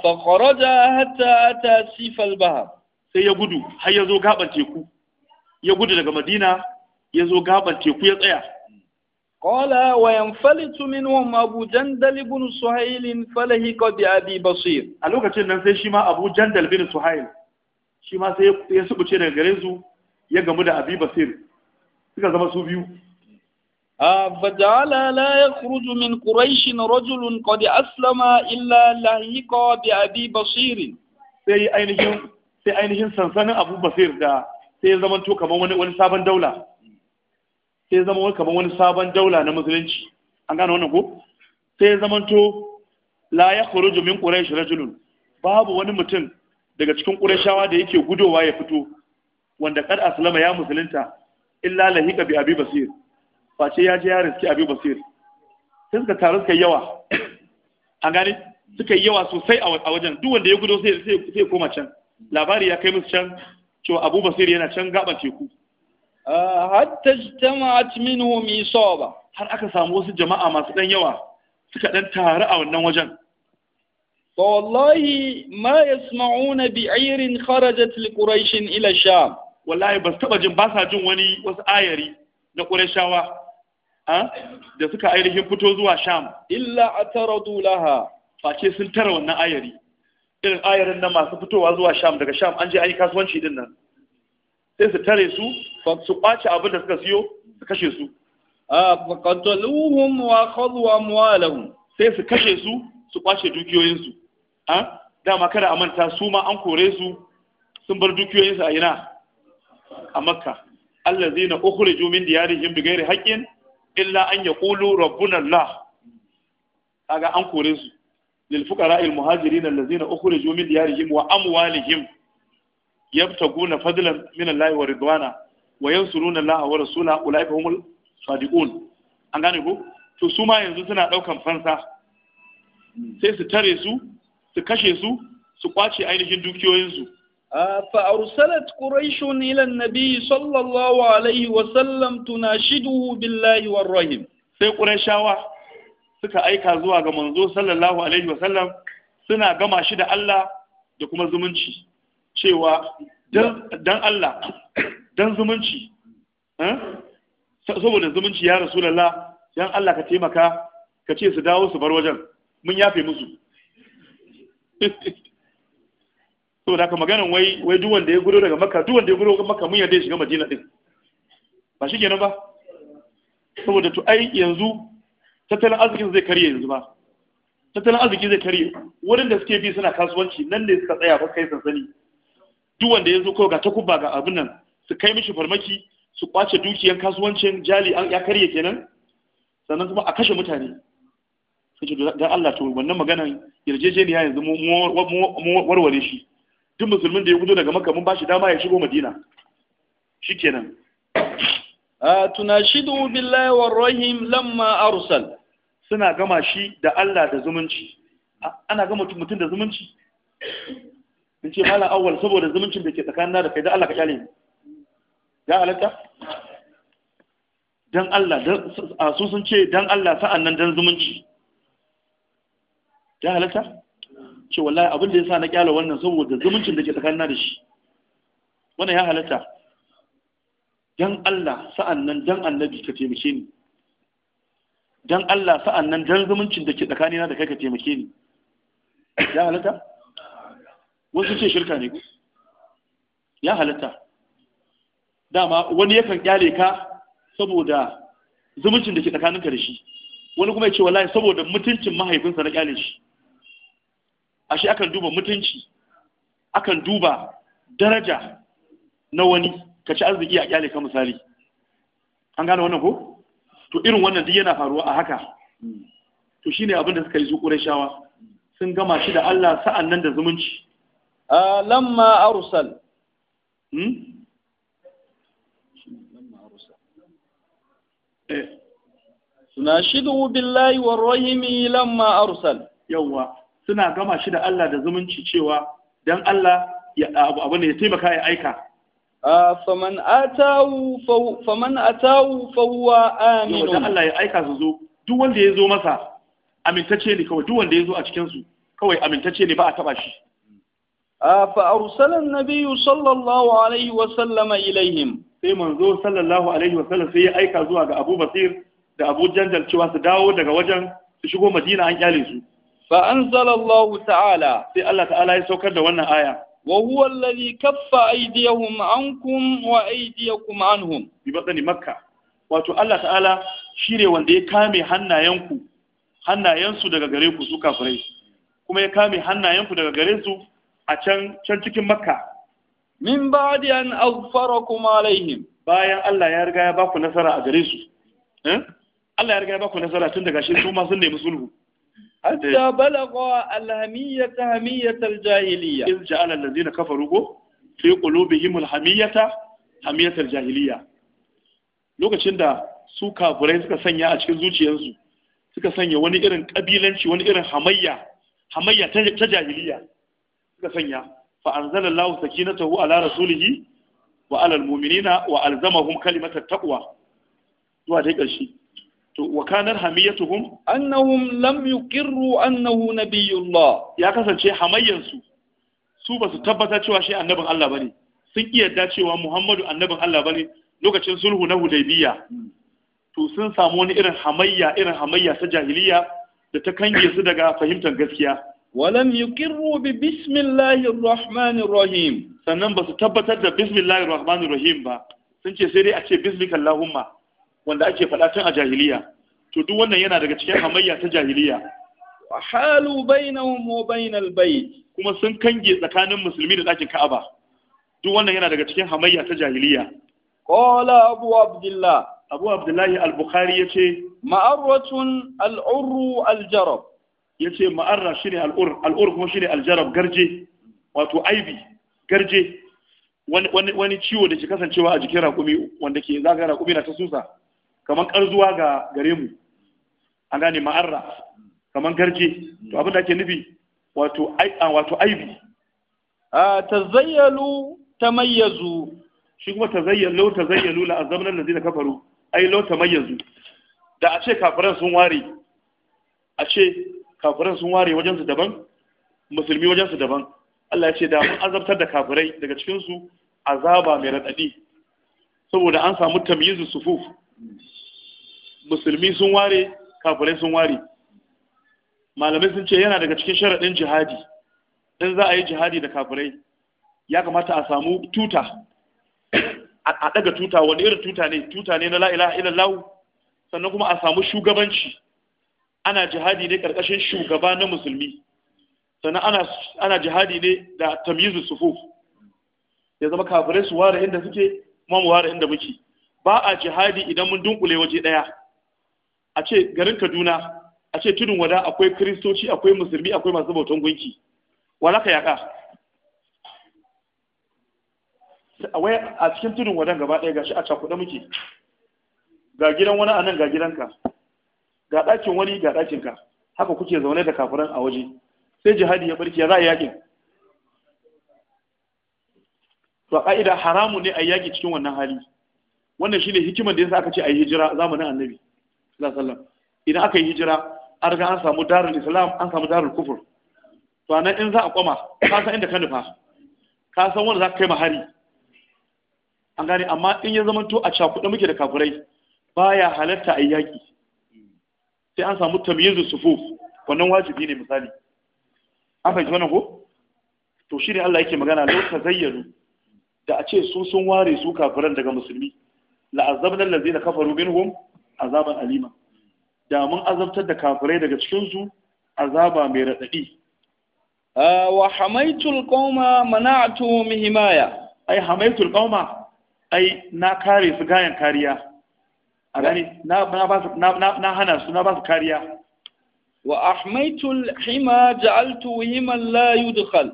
fa kharaja hatta ata sifal bahar sai ya gudu har ya zo gaban teku ya gudu daga Madina ya zo gaban teku ya tsaya qala wa yanfalitu minhum abu jandal ibn suhayl falahi qad abi basir a lokacin nan sai shi ma abu jandal ibn suhayl shi ma sai ya subuce daga gare su ya gamu da abi basir suka zama su biyu فجعل لا يخرج من قريش رجل قد أسلم إلا لهيق بأبي بصير sai ainihin sai ainihin sansanin Abu Basir da sai ya zama to kamar wani wani sabon daula sai ya zama wani kamar wani sabon daula na musulunci an gane wannan ko sai ya zama to la yakhruju min quraish rajulun babu wani mutum daga cikin qurayshawa da yake gudowa ya fito wanda kad aslama ya musulunta illa lahiqa bi abi basir face ya je ya riski abi basir sai suka taru suka yawa an gane suka yawa sosai a wajen duk wanda ya gudo sai sai koma can labari ya kai musu can cewa abu basir yana can gaban teku ah, hatta jama'at minhu ba. har aka samu wasu jama'a masu dan yawa suka dan taru a wannan wajen Wallahi ma ما يسمعون بعير خرجت لقريش ila sham wallahi ba su taba jin ba sa jin wani wasu ayari na shawa. da suka ainihin fito zuwa sham illa a ataradu laha face sun tara wannan ayari irin ayarin na masu fitowa zuwa sham daga sham an je an yi kasuwanci din nan sai su tare su su kwace abin da suka siyo su kashe su faqataluhum wa khadhu amwalahum sai su kashe su su kwace dukiyoyinsu. a dama kada a manta su ma an kore su sun bar dukiyoyinsu a ina a makka allazina ukhrijo min diyarihim bighairi haqqin illa an ya yaqulu rabbuna la kaga an kore su lil fuqara na muhajirin allazina ukhriju min diyarihim wa amwalihim yabtaguna fadilan min Allah wa ridwana wa yansuruna Allah wa rasula ulaika humul sadiqun an gane ku? to su ma yanzu suna ɗaukan fansa sai su tare su su kashe su su kwace ainihin dukiyoyinsu فأرسلت قريش إلى النبي صلى الله عليه وسلم تناشده بالله والرحم sai ƙurashawa suka aika zuwa ga manzo sallallahu alaihi wasallam suna gama shi da Allah da kuma zumunci cewa saboda zumunci ya rasulullah dan Allah ka taimaka ka ce su dawo su bar wajen mun yafe musu saboda haka maganan wai wai duk wanda ya gudo daga makka duk wanda ya gudo daga makka mun yarda ya shiga madina din ba shi kenan ba saboda to ai yanzu tattalin arzikin zai karye yanzu ba tattalin arziki zai karye wurin da suke bi suna kasuwanci nan ne suka tsaya ba kai sansani duk wanda ya zo kawai ga takuba ga abin nan su kai mishi farmaki su kwace dukiyar kasuwancin jali ya karye kenan sannan kuma a kashe mutane sai don Allah to wannan maganan yarjejeniya yanzu mu warware shi duk musulmin da ya gudu daga makamun mun ba shi dama ya shigo madina Shi kenan. shikenan tunashidu billahi Rahim lamma arsal suna gama shi da Allah da zumunci ana gama mutum da zumunci in ce mala awwal saboda zumuncin da ke tsakanin da kai da Allah ka kyale ni ya alaka dan Allah su sun ce dan Allah sa'an nan dan zumunci ya alaka ce wallahi abin da ya sa na kyala wannan saboda zumuncin da ke tsakanin da shi wannan ya halatta dan Allah sa'an nan dan annabi ka taimake ni dan Allah sa'an nan dan zumuncin da ke tsakanina da kai ka taimake ni ya halatta wasu ce shirka ne ya halatta dama wani yakan kyale ka saboda zumuncin da ke tsakaninka da shi wani kuma ya ce wallahi saboda mutuncin mahaifinsa na kyale shi ashe akan duba mutunci akan duba daraja na wani ka ci arziki a kyale ka misali an gane wannan ko to irin wannan duk yana faruwa a haka to shine abin da suka yi su ƙurashawa sun gama shi da Allah sa'an nan da zumunci lamma arsal hmm? eh. tunashidu billahi warrahimi lamma arsal yawwa suna gama shi da Allah da zumunci cewa dan Allah ya abu ne ya taimaka ya aika faman atawu faman atawu fa huwa amin dan Allah ya aika su zo duk wanda ya zo masa amintacce ne kawai duk wanda ya zo a cikin su kawai amintacce ne ba a taba shi fa arsalan nabiyyu sallallahu alaihi wa sallama ilaihim sai manzo sallallahu alaihi wa sallam sai ya aika zuwa ga Abu Basir da Abu Jandal cewa su dawo daga wajen su shigo Madina an kyale su fa anzalallahu ta'ala sai Allah ta'ala ya saukar da wannan aya wa huwa alladhi kaffa aydiyahum ankum wa aydiyakum anhum bi batni makka wato Allah ta'ala shine wanda ya kame hannayenku hannayensu daga gare ku su kafirai kuma ya kame hannayenku daga gare su a can can cikin makka min ba'di an aghfarakum alaihim bayan Allah ya riga ya baku nasara a gare su eh Allah ya riga ya baku nasara tun daga shi su ma sun nemi sulhu hatta eh. balagha alhamiyata hamiyata aljahiliya iz ja'ala allazina kafaru go fi qulubihim alhamiyata hamiyata aljahiliya lokacin da su kafirai suka sanya a cikin zuciyarsu suka sanya wani irin kabilanci wani irin hamayya hamayya ta jahiliya suka sanya fa anzalallahu sakinatahu ala rasulihi wa ala almu'minina wa alzamahum kalimata taqwa zuwa dai ƙarshe to wa kanar hamiyatuhum annahum lam yuqirru annahu nabiyullah ya kasance hamayyansu su ba su tabbata cewa shi annabin Allah bane sun iya da cewa Muhammadu annabin Allah bane lokacin sulhu na Hudaybiya to sun samu wani irin hamayya irin hamayya ta jahiliya da ta kange su daga fahimtar gaskiya walam yuqirru bi "bismillahi rahmanir rahim sannan ba su tabbatar da "bismillahi rahmanir rahim ba sun ce sai dai a ce bismikallahumma wanda ake faɗa tun a jahiliya to duk wannan yana daga cikin hamayya ta jahiliya wa halu bainahum wa bainal bayt kuma sun kange tsakanin musulmi da ɗakin Ka'aba duk wannan yana daga cikin hamayya ta jahiliya qala abu abdullah abu abdullah al-bukhari yace ma'arratun al-urru al-jarab yace ma'arra shine al-ur al-ur kuma shine al-jarab garje wato aibi garje wani ciwo da ke kasancewa a jikin raƙumi wanda ke zagaya raƙumi na ta susa kamar karzuwa ga gare mu an gane ma'arra kamar garje to abin da ake nufi wato wato aibi tazayyalu tamayyazu shi kuma tazayyalu tazayyalu la azabna allazina kafaru ai law tamayyazu da a ce kafiran sun ware a ce kafiran sun ware wajensu daban musulmi wajensu daban Allah ya ce da mun azabtar da kafirai daga cikinsu azaba mai raɗaɗi saboda an samu tamyizu sufuf musulmi sun ware kafirai sun ware malamai sun ce yana daga cikin sharaɗin jihadi in za a yi jihadi da kafirai ya kamata a samu tuta a ɗaga tuta wani irin tuta ne tuta ne na la'ila lau? sannan kuma a samu shugabanci ana jihadi ne ƙarƙashin shugaba na musulmi sannan ana jihadi ne da tamizu sufu ya zama kafirai su ware inda suke kuma mu ware inda muke ba a jihadi idan mun dunkule waje ɗaya. a ce garin kaduna a ce tudun wada akwai kiristoci akwai musulmi akwai masu bautan gunki wala ka yaka a cikin tudun wadan gaba ɗaya gashi a cakuɗa muke ga gidan wani anan ga gidanka ga ɗakin wani ga ɗakinka haka kuke zaune da kafiran a waje sai jihadi ya barki ya za a yaki. to ka'ida haramu ne a yaki cikin wannan hali wannan shine hikimar da yasa aka ce a yi hijira zamanin annabi sallallahu idan aka yi hijira an riga an samu darul islam an samu darul kufur to anan in za a kwama ka san inda ka nufa ka san wanda za ka kai mahari an gane amma in ya zama to a cakuɗe muke da kafurai baya halatta a yaƙi sai an samu tamyizu sufu wannan wajibi ne misali an fahimci wannan ko to ne Allah yake magana lokacin zayyanu da a ce su sun ware su kafiran daga musulmi la'azzabna allazina kafaru minhum azaban alima da mun azabtar da kafirai daga cikin su azaba mai radadi ah, wa hamaitul qauma mana'tu mihimaya ai hamaitul qauma ai na kare su gayan kariya a gani na na hana su na ba su kariya wa ahmaitul hima ja'altu himan la yudkhal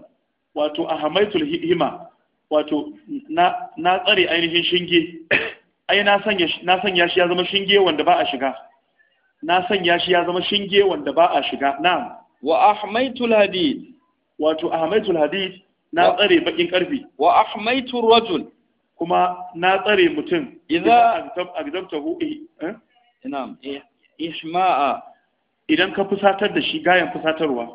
wato ahmaitul hima wato na na tsare ainihin shinge ai na sanya na sanya shi ya zama shinge wanda ba a shiga na sanya shi ya zama shinge wanda ba a shiga na'am wa ahmaytul hadid wato ahmaytul hadid na tsare bakin karfi wa ahmaytur rajul kuma na tsare mutum idza eh, eh na'am isma'a idan ka fusatar da shi gayan fusatarwa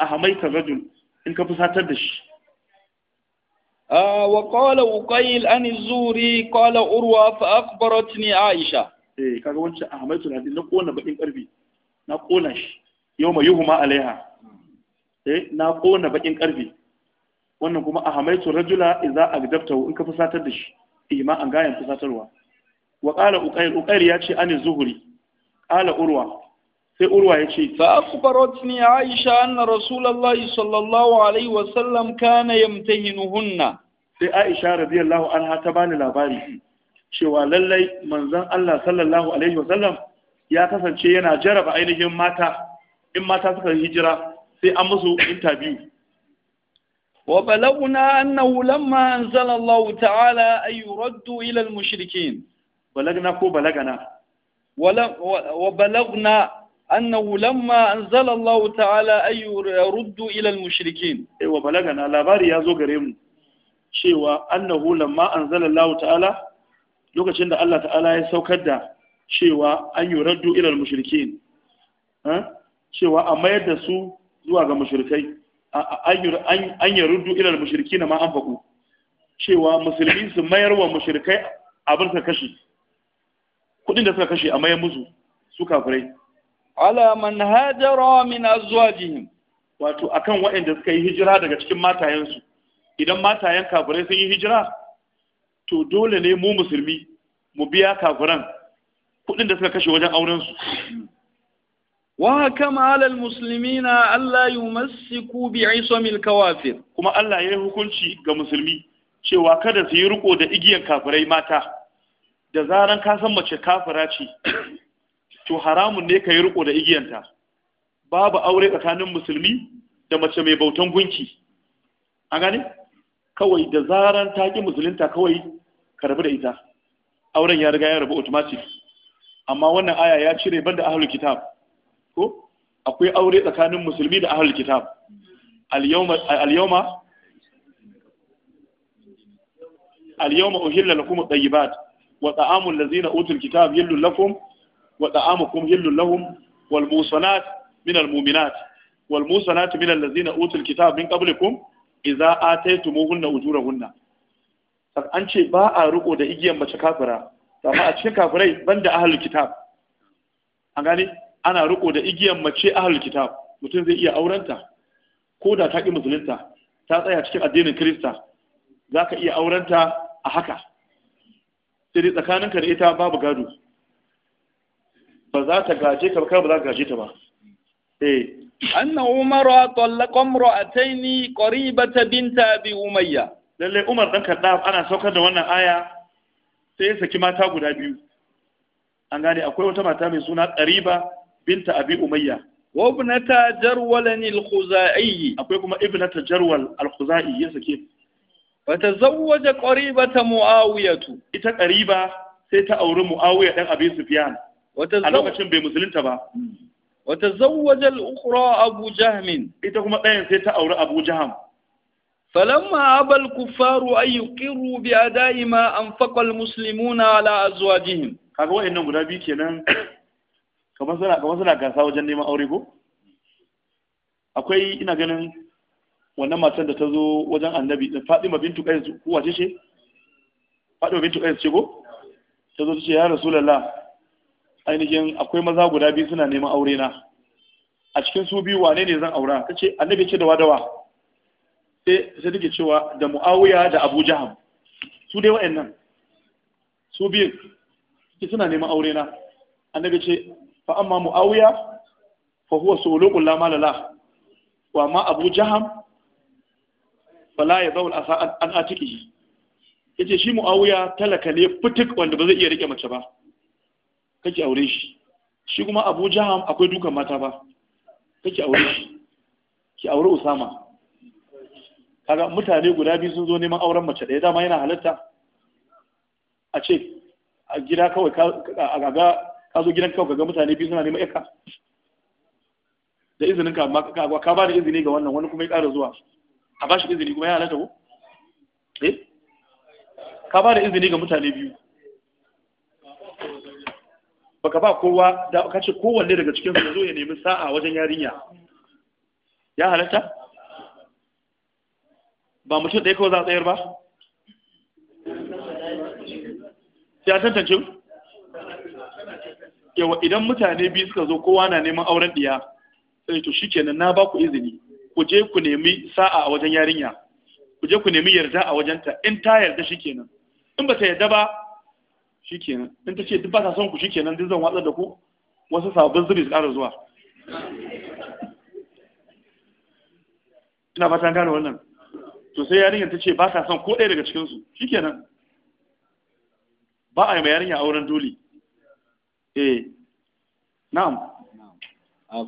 ahmaita rajul in ka fusatar da shi وقال وقيل أن الزوري قال أروى فأخبرتني عائشة إيه كذا وانش أحمدتنا هذه نقونا قربي نقوناش يوم يهما عليها إيه نقونا قربي wannan kuma a hamaitu rajula idza aqdabtahu in ka fusatar da shi ima an ga yan fusatarwa wa qala uqayl uqayl ya ce ani zuhuri qala urwa sai urwa ya ce fa akhbaratni aisha anna rasulallah sallallahu alaihi wa sallam kana yamtahinuhunna sai aisha radiyallahu anha ta bani labari cewa lallai manzon Allah sallallahu alaihi wa sallam ya kasance yana jaraba ainihin mata in mata suka hijira sai an musu interview wa balaguna annahu lamma anzala Allah ta'ala ay yuraddu ila al-mushrikeen balagna ko balagana wa balagna annahu lamma anzala Allah ta'ala ayu ruddu ila al-mushrikin eh wa balagana labari yazo gare mu cewa annahu lamma anzala Allah ta'ala lokacin da Allah ta'ala ya saukar da cewa an yi raddu ila mushrikin eh cewa amma yadda su zuwa ga mushrikai an yi raddu ila mushrikin ma an faku cewa musulmi su mayar wa mushrikai abin ka kashi kudin da suka kashe a mayan musu su kafirai ala man hajara min azwajihim wato akan waɗanda suka yi hijira daga cikin matayensu idan matayen kafirai sun yi hijira to dole ne mu musulmi mu biya kafiran kuɗin da suka kashe wajen auren su wa kama ala muslimina alla yumassiku bi isamil kawafir kuma Allah ya yi hukunci ga musulmi cewa kada su yi riko da igiyan kafirai mata da zaran ka san mace kafira ce to haramun ne ka yi riko da igiyanta babu aure tsakanin musulmi da mace mai bautan gunki an gani? kawai da zaran ta ki musulunta kawai ka rabu da ita auren ya riga ya rabu automatic amma wannan aya ya cire banda ahlul kitab ko akwai aure tsakanin musulmi da ahlul kitab al-yawma al-yawma al-yawma uhilla lakum at-tayyibat wa ta'amul ladzina utul kitab yallu lakum wa da'amukum hillul lahum wal musanat min al mu'minat wal musanat min allazina utul kitab min qablikum idza ataytumuhunna ujurahunna an ce ba a riko da igiyar mace kafira amma a cikin kafirai ban da ahlul kitab an gani? ana riko da igiyar mace ahlul kitab mutum zai iya aurenta ko da ta ƙi musulunta ta tsaya cikin addinin kirista za ka iya aurenta a haka sai dai tsakaninka da ita babu gado ba za ta gaje ka ba kai ba za ka gaje ta ba eh anna umar tallaqa imra'ataini qaribata bint abi umayya lalle umar dan kaddaf ana saukar da wannan aya sai ya saki mata guda biyu an gane akwai wata mata mai suna qariba binta abi umayya wa ibnata jarwal al-khuzai akwai kuma ibnata jarwal al-khuzai ya saki fatazawwaja qaribata muawiyatu ita qariba sai ta auri muawiya dan abi sufyan a lokacin bai musulunta ba wata zawwajal ukura abu jahmin ita kuma ɗayan sai ta auri abu jaham falamma abal kufaru an yuqiru bi ada'i ma anfaqa al muslimuna ala azwajihim kaga wayannan guda biyu kenan kamar suna kamar suna gasa wajen neman aure ko akwai ina ganin wannan matan da ta zo wajen annabi da Fatima bintu Qais ko wace ce Fatima bintu Qais ce ko ta zo ta ce ya Rasulullah ainihin akwai maza guda biyu suna neman aure na a cikin su biyu wane ne zan aura ta ce annabi ce da wadawa sai sai take cewa da muawiya da abu jaham su dai wa'annan su biyu ke suna neman aure na annabi ce fa amma muawiya fa huwa suluqul la malala wa ma abu jaham fala ya asa an atiki yace shi muawiya talaka ne fitik wanda ba zai iya rike mace ba kake aure shi shi kuma abu jaham akwai dukan mata ba kake aure shi ki aure usama kaga mutane guda biyu sun zo neman auren mace ɗaya dama yana halatta a ce a gida kawai a ga ka zo gidan kawai ga mutane biyu suna neman yaka da izinin ka amma ka ba da izini ga wannan wani kuma ya ƙara zuwa a ba shi izini kuma ya halatta ko eh ka ba da izini ga mutane biyu baka ba kowa da ka ce kowanne daga cikin su zo ya nemi sa'a wajen yarinya ya halatta ba mutum ɗaya kawai za a tsayar ba sai a tantance yawa idan mutane biyu suka zo kowa na neman auren ɗiya sai to shikenan na ba ku izini ku je ku nemi sa'a a wajen yarinya ku je ku nemi yarda a wajenta in ta yarda shikenan in ba ta yarda ba shikenan in ta ce duk ba ta son ku shikenan duk zan watsar da ku wasu sabbin zubi su ƙara zuwa ina fatan gane wannan to sai yarinyar ta ce ba ta son ko ɗaya daga cikinsu shikenan ba a yi ma yarinya auren dole eh na'am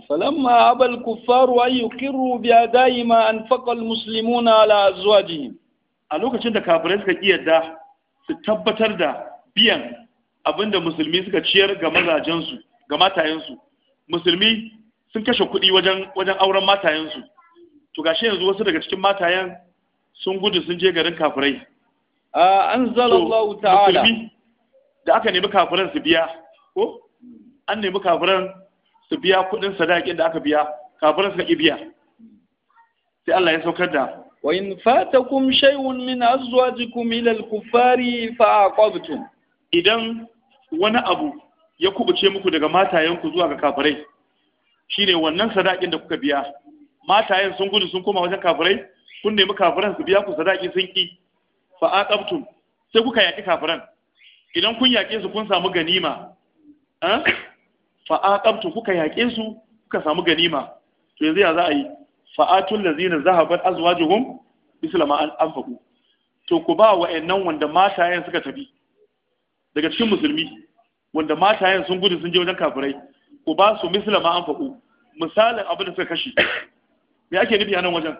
فلما أبى الكفار أن يقروا بأداء ما أنفق المسلمون على أزواجهم a lokacin da kafirai suka ƙi yadda su tabbatar da biyan abinda musulmi suka ciyar ga mazajensu ga matayensu musulmi sun kashe kuɗi wajen wajen auren matayensu to gashi yanzu wasu daga cikin matayen sun gudu sun je garin kafirai Allah ta'ala da aka nemi kafiran su biya ko an nemi kafiran su biya kuɗin sadakin da aka biya kafiran suka ki biya sai Allah ya saukar da wa in fatakum shay'un min azwajikum ila al-kuffari fa aqabtum idan wani abu ya kubuce muku daga matayenku zuwa ga kafirai shine wannan sadakin da kuka biya matayen sun gudu sun koma wajen kafirai kun nemi kafiran su biya ku sadaƙi sun ƙi. fa aqabtum sai kuka yaƙi kafiran idan kun yaƙe su kun samu ganima eh? fa aqabtum kuka yaƙe su kuka samu ganima to yanzu ya za a yi fa a bar azuwa jihun bisalama an faɗu to ku ba wa'annan wanda matayen suka tafi daga cikin musulmi wanda matayen sun gudu sun je wajen kafirai ku ba su misla an faku misalin abin da suka kashe me ake nufi a nan wajen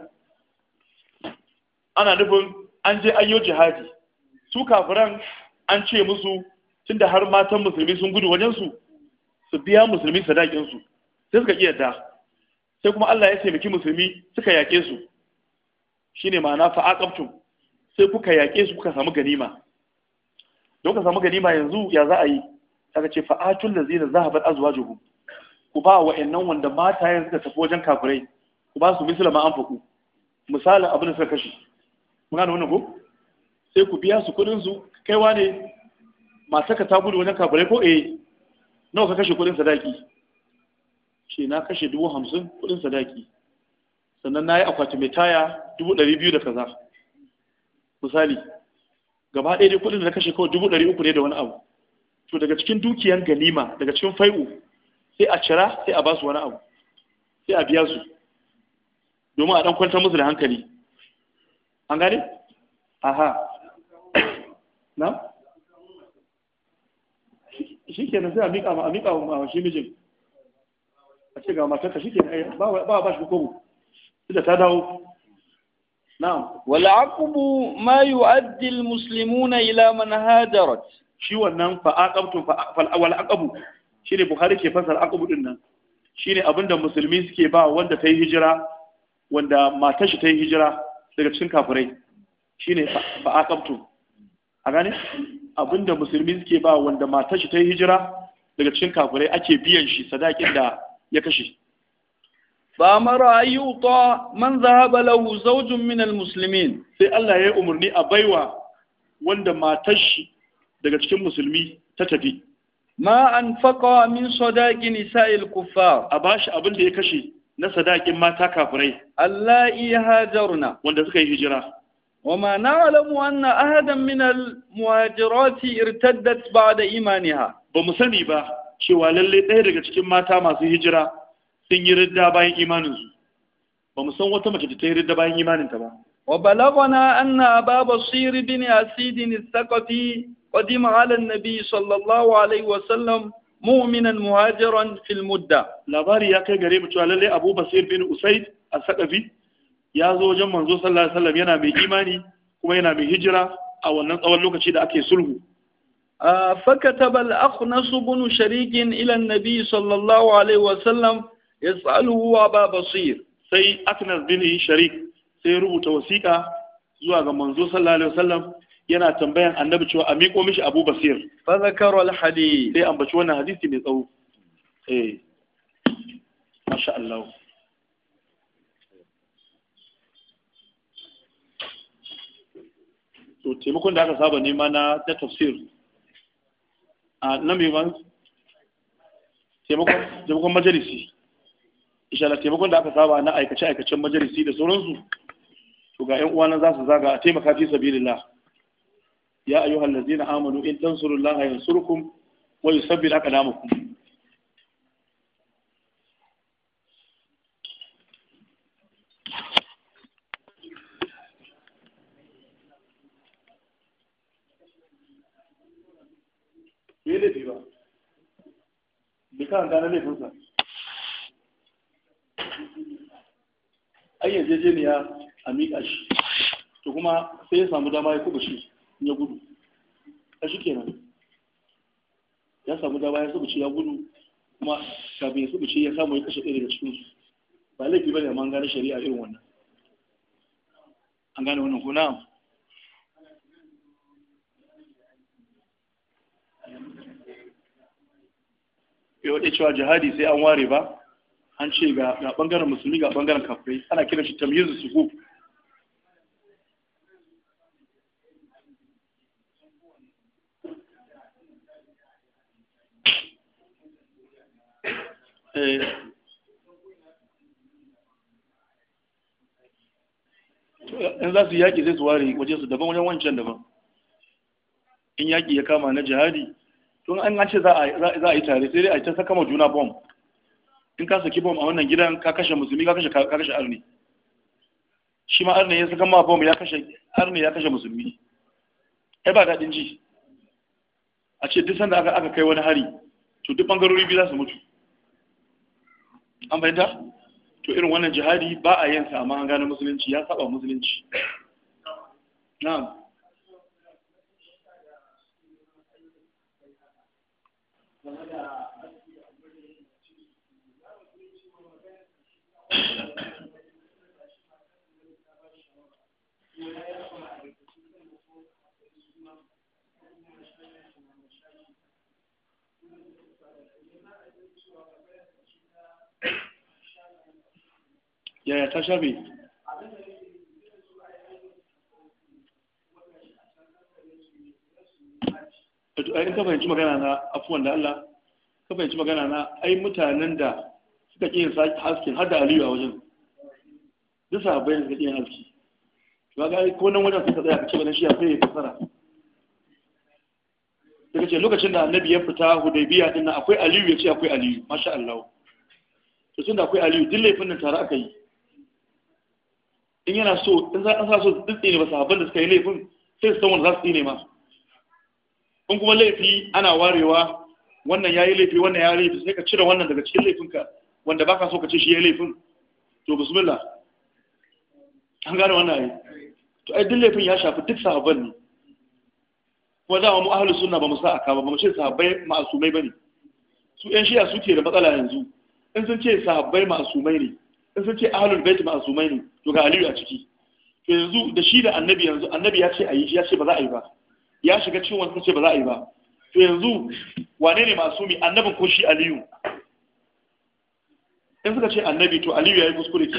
ana nufin an je yi jihadi su kafiran an ce musu tunda har matan musulmi sun gudu wajen su su biya musulmi sadakin su sai suka da sai kuma Allah ya taimaki musulmi suka yake su shine ma'ana fa sai kuka yake su kuka samu ganima don ka samu ganima yanzu ya za a yi Daga ce za a bar azuwa juhu. ku ba wa wa'annan wanda matayen suka tafi wajen kafirai ku ba su misala ma faku misalin abin da suka kashe mun gane wannan ko sai ku biya su kudin su kaiwa ne masu ka ta gudu wajen kafirai ko eh nawa ka kashe kudin sadaki ce na kashe dubu hamsin kudin sadaki sannan na yi akwati mai taya dubu ɗari biyu da kaza misali gaba ɗaya dai kudin da na kashe kawai dubu ɗari uku ne da wani abu to daga cikin dukiyan ganima daga cikin fai'u sai a cira sai a basu wani abu sai a biya su domin a ɗan kwantar musu da hankali an gane? aha na? shi ke sai a miƙa a miƙa wa shi mijin a ce ga matarka shi ke ba ba shi kogo ita ta dawo نعم والعقب ما يؤدي المسلمون الى من هاجرت man shi wannan fa aqabtu fa wal aqbu shine bukhari ke fasar aqbu din nan shine abinda musulmi suke ba wanda ta yi hijira wanda matar shi ta yi hijira daga cikin kafirai shine fa aqabtu a gane abinda musulmi suke ba wanda matar shi ta yi hijira daga cikin kafirai ake biyan shi sadakin da ya kashe فأمر أن يوطى من ذهب له زوج من المسلمين في الله يأمرني أبيوى wanda matar daga cikin musulmi ta tafi ma an faqa min sadaqi nisa'il kuffar a bashi abin ya kashe na sadakin mata kafirai allahi hajarna wanda suka yi hijira wama na'lamu anna ahadan min al muhajirati irtaddat ba'da imaniha ba mu sani ba cewa lalle ɗaya daga cikin mata masu hijira sun yi ridda bayan imaninsu ba mu san wata mace da ta yi ridda bayan imaninta ba wa balagana anna baba sir bin asid al-thaqafi qadim ala an-nabi sallallahu alaihi wa sallam mu'minan muhajiran fil mudda labari ya kai gare mu cewa lallai abu basir bin usaid al-thaqafi ya zo wajen manzo sallallahu alaihi wasallam yana mai imani kuma yana mai hijira a wannan tsawon lokaci da ake sulhu فكتب الأخنس بن شريك إلى النبي صلى الله عليه وسلم yas'aluhu wa ba basir sai Aknas bin Sharik sai rubuta wasiƙa zuwa ga manzo sallallahu alaihi wasallam yana tambayan annabi cewa a miƙo mishi Abu Basir fa zakaru al hadith sai ambaci wannan hadisi mai tsawo eh masha Allah to taimakon da aka saba nema na ta tafsir a nan mai ban taimakon majalisi insha taimakon da aka saba na aikace aikacen majalisi da sauransu to ga ƴan uwana za su zaga a taimaka fi sabilillah ya ayyuhal ladzina amanu in tansurullaha yansurkum wa yusabbit aqdamakum bai laifi ba bai karanta na laifinsa yarjejeniya a miƙa shi to kuma sai ya samu dama ya kuɓa shi ya gudu a shi kenan ya samu dama ya subuce ya gudu kuma kafin ya subuce ya samu ya kashe ɗaya daga cikinsu ba laifi ba ne amma gane shari'a irin wannan an gane wannan ko na'am bai waɗe cewa jihadi sai an ware ba an ce ga bangaren musulmi ga bangaren kafirai ana kiran shi tamyizu suhuf eh. in za su yaƙi zai su waje su daban wajen wancan daban in yaƙi ya kama na jihadi tun an ce za a yi tare sai dai a yi ta saka ma juna bomb in ka saki bom a wannan gidan ka kashe musulmi ka kashe ka kashe arni shi ma arni ya saka ma bom ya kashe arni ya kashe musulmi ai ba dadin ji a ce duk sanda aka aka kai wani hari to duk bangarori biyu za su mutu an fahimta to irin wannan jihadi ba a yin sa amma an gane musulunci ya saba musulunci na'am game yaya ta sha mai in ka fahimci magana na afuwan da Allah ka fahimci magana na ai mutanen da suka ƙi yin haskin har da aliyu a wajen duk sahabbai suka ƙi yin haski to ga ko nan wajen suka tsaya kace wannan shi sai ya fasara daga ce lokacin da annabi ya fita hudaybiya din nan akwai aliyu ya ce akwai aliyu masha Allah to tunda akwai aliyu duk laifin nan tare aka yi in yana so in za a sa so duk ne ba sahabban da suka yi laifin sai su san wanda za su ne ma in kuma laifi ana warewa wannan ya yi laifi wannan ya yi laifi sai ka cire wannan daga cikin laifinka wanda baka so ka ce shi ya laifin to bismillah an gane wannan ne to ai duk laifin ya shafi duk sahabban ne kuma za mu ahlus sunna ba mu sa aka ba ba mu ce sahabbai ma'asumai bane su yan shiya suke da matsala yanzu in sun ce sahabbai ma'asumai ne in sun ce ahlul bait ma'asumai ne to ga aliyu a ciki to yanzu da shi da annabi yanzu annabi ya ce ayi shi ya ce ba za a yi ba ya shiga cikin wannan ce ba za a yi ba to yanzu wane ne masumi annabin ko shi aliyu in suka ce annabi to aliyu ya yi kuskure ke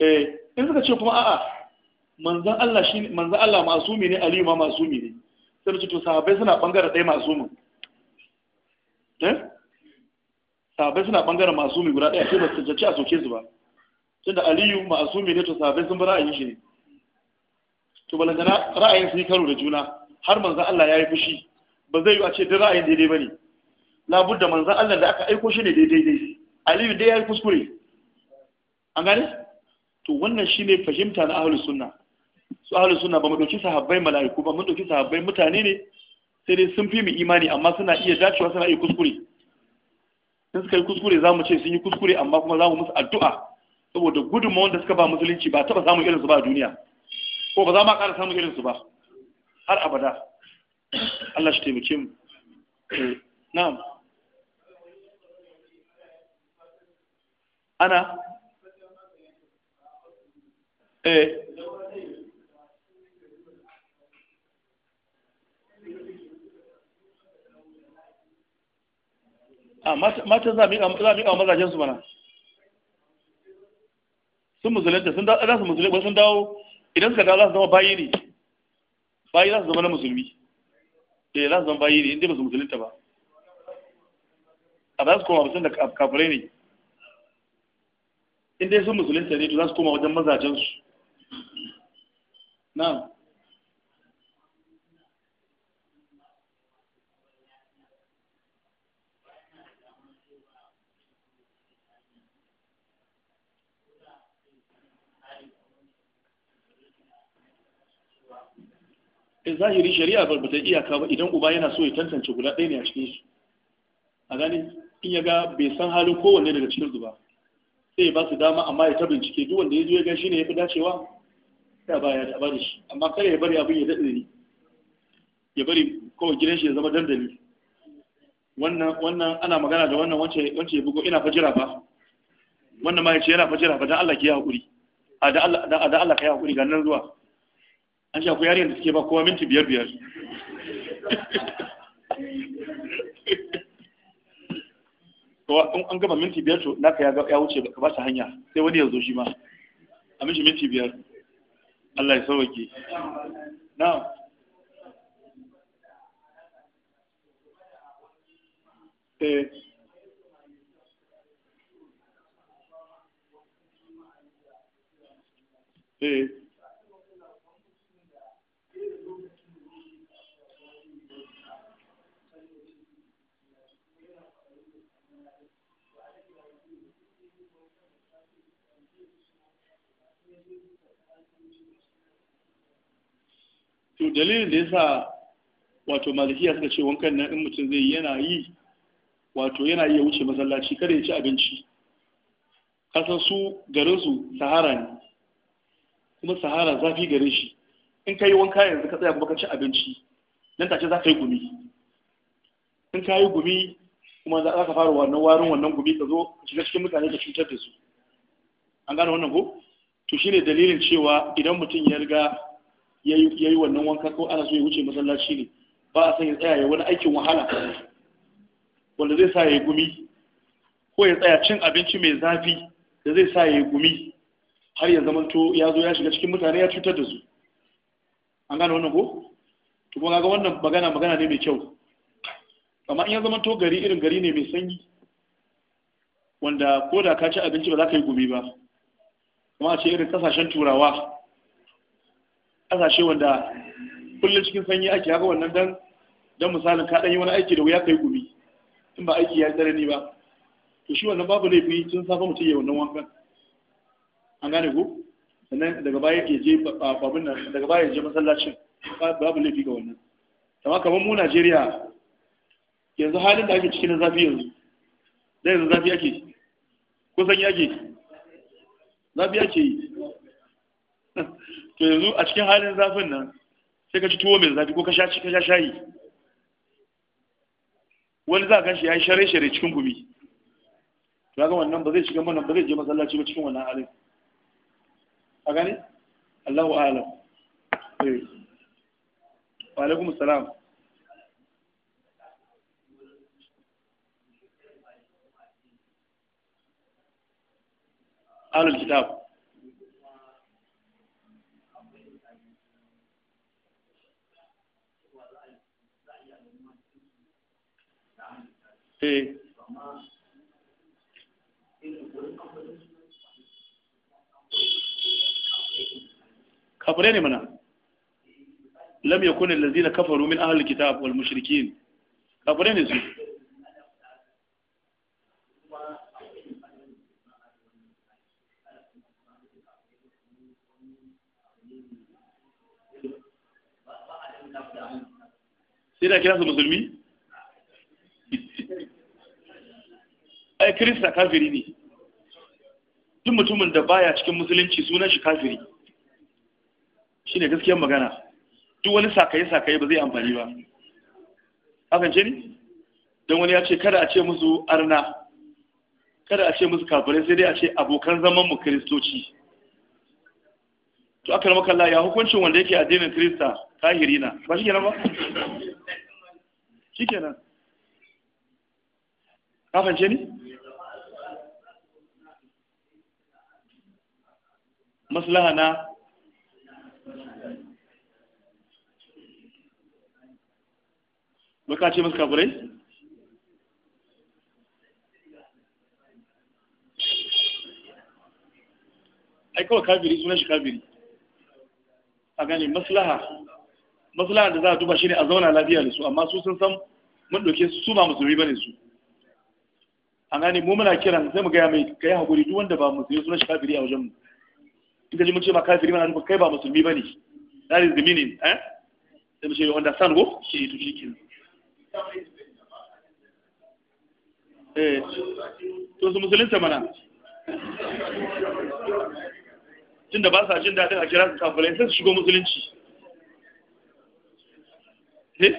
eh in suka ce kuma a'a manzan Allah shi manzan Allah masumi ne aliyu ma masumi ne sai da to sahabbai suna bangare ɗaya masumin eh sahabbai suna bangare masumi guda ɗaya sai ba su jace a soke su ba tunda aliyu masumi ne to sahabbai sun bi ra'ayin shi ne to balantana ra'ayin sun yi karo da juna har manzan Allah ya yi fushi ba zai yi a ce duk ra'ayin daidai ba ne labudda manzan Allah da aka aiko shi ne daidai daidai aliyu dai ya yi kuskure an gane to wannan shine fahimta na ahlus sunna su ahlus sunna ba mu ɗauki sahabbai mala'iku ba mu ɗauki sahabbai mutane ne sai dai sun fi mu imani amma suna iya dacewa suna iya kuskure sun suka yi kuskure za mu ce sun yi kuskure amma kuma za mu musu addu'a saboda gudunmu wanda suka ba musulunci ba taba samun irinsu ba a duniya ko ba za mu ƙara samun irinsu ba har abada Allah shi taimake mu eh, na'am ana eh ah, a matan za a miƙa mazajen su mana sun musulunta sun za su musulunta sun dawo idan suka dawo za su zama bayi ne bayi za su zama na musulmi da eh, ya za su zama bayi ne inda ba su musulunta ba a za su koma musulunta kafirai ne in dai sun musulunta ne to za su koma wajen mazajensu na'am zahiri shari'a ba ta iyaka ba idan uba yana so ya tantance guda ɗaya ne a cikin su a gani in ya ga bai san halin kowanne daga cikin su ba sai ya ba su dama amma ya ta bincike duk wanda ya zo ya gan shi ne ya fi dacewa ya ba ya taba da shi amma kada ya bari abin ya daɗe ne ya bari kawai gidan shi ya zama dandali wannan wannan ana magana da wannan wance wance ya bugo ina fajira ba wannan ma ya ce yana fajira ba dan Allah ki ya hakuri a da Allah da Allah ka ya hakuri ga nan zuwa an sha ku yarin da suke ba kowa minti biyar biyar an gama minti biyar to naka ya wuce ka ba shi hanya sai wani ya zo shi ma a mishi minti biyar Allah ya sauke na eh eh to dalilin da yasa wato malikiya suka ce wankan nan in mutum zai yana yi wato yana iya wuce masallaci kada ya ci abinci kasan su garin su sahara ne kuma sahara zafi garin shi in ka yi wanka yanzu ka tsaya kuma ka ci abinci nan take za ka yi gumi in ka yi gumi kuma za ka fara wannan warin wannan gumi ka zo ka shiga cikin mutane ka cutar da su an gane wannan ko to shine dalilin cewa idan mutum ya riga ya yi wannan wanka ko ana so ya wuce masallaci ne ba a san ya tsaya ya wani aikin wahala wanda zai sa ya yi gumi ko ya tsaya cin abinci mai zafi da zai sa ya yi gumi har ya zamanto ya zo ya shiga cikin mutane ya cutar da su an gane wannan ko to kuma ga wannan magana magana ne mai kyau amma in ya zamanto gari irin gari ne mai sanyi wanda ko da ka ci abinci ba za ka yi gumi ba kuma a ce irin kasashen turawa kasashe wanda kullum cikin sanyi ake haka wannan dan dan misalin ka dan yi wani aiki da wuya kai gumi in ba aiki ya tsare ni ba to shi wannan babu laifi tun safa mutum ya wannan wankan an gane ku sannan daga baya ke je babun nan daga baya ya je masallacin babu laifi ga wannan amma kamar mu Najeriya yanzu halin da ake cikin zafi yanzu dai yanzu zafi ake ko sanyi ake zafi ake yi to yanzu a cikin halin zafin nan sai ka ci tuwo mai zafi ko ka sha ka shayi wani za ka shi ya yi share share cikin gumi ya ga wannan ba zai shiga mana ba zai je masallaci ba cikin wannan halin a gani Allahu a'lam eh. wa alaikum assalam Alal kitab خبرين إيه. منا لم يكن الذين كفروا من أهل الكتاب والمشركين خبرين زي سيدا كلاس المسلمين ai kirista kafiri ne duk mutumin da baya cikin musulunci sunan shi kafiri shine gaskiyar magana duk wani sakaye sakaye ba zai amfani ba hakan ce ni don wani ya ce kada a ce musu arna kada a ce musu kafirai sai dai a ce abokan zaman mu kiristoci to aka maka Allah ya hukuncin wanda yake addinin kirista kahiri na ba shi kenan ba shi kenan kafance ni maslaha na baka ce maska burai ai kawai kafiri sunan shi kabiri a gani maslaha maslaha da za a duba shi ne a zauna lafiya da su amma su sun san mun doke su ba musulmi bane su a gani mu muna kiran sai mu gaya mai kai haƙuri duk wanda ba musulmi sunan shi kabiri a wajen mu in ka ji mun ce ba kafiri mana na kai ba musulmi ba ne that is the meaning eh sai mu ce you understand go shi to shi kin eh to su ta mana tun da ba sa jin daɗin a kira su kafirai sai su shigo musulunci eh?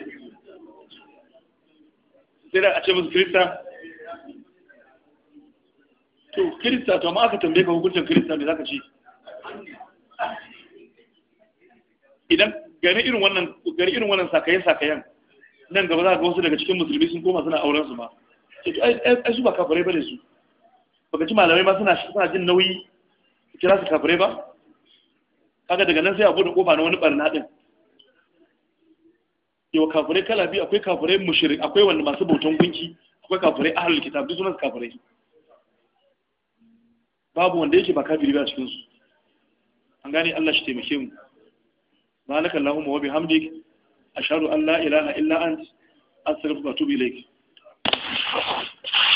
sai da a ce musu kirista to kirista to ma aka tambaye ka hukuncin kirista ne za ka ce idan gani irin wannan gani irin wannan sakayen sakayen nan gaba za ka wasu daga cikin musulmi sun koma suna auren su ma sai to ai su ba kafirai bane su baka ji malamai ma suna suna jin nauyi kira su kafirai ba kaga daga nan sai a bude kofa na wani barna din yau kafirai kala biyu akwai kafirai mushrik akwai wanda masu bautan gunki akwai kafirai ahlul kitab duk sunan kafirai babu wanda yake ba kafiri ba cikin su an gane Allah shi taimake mu subhanaka allahumma wa hamdik ashhadu an la ilaha illa ant astaghfiruka wa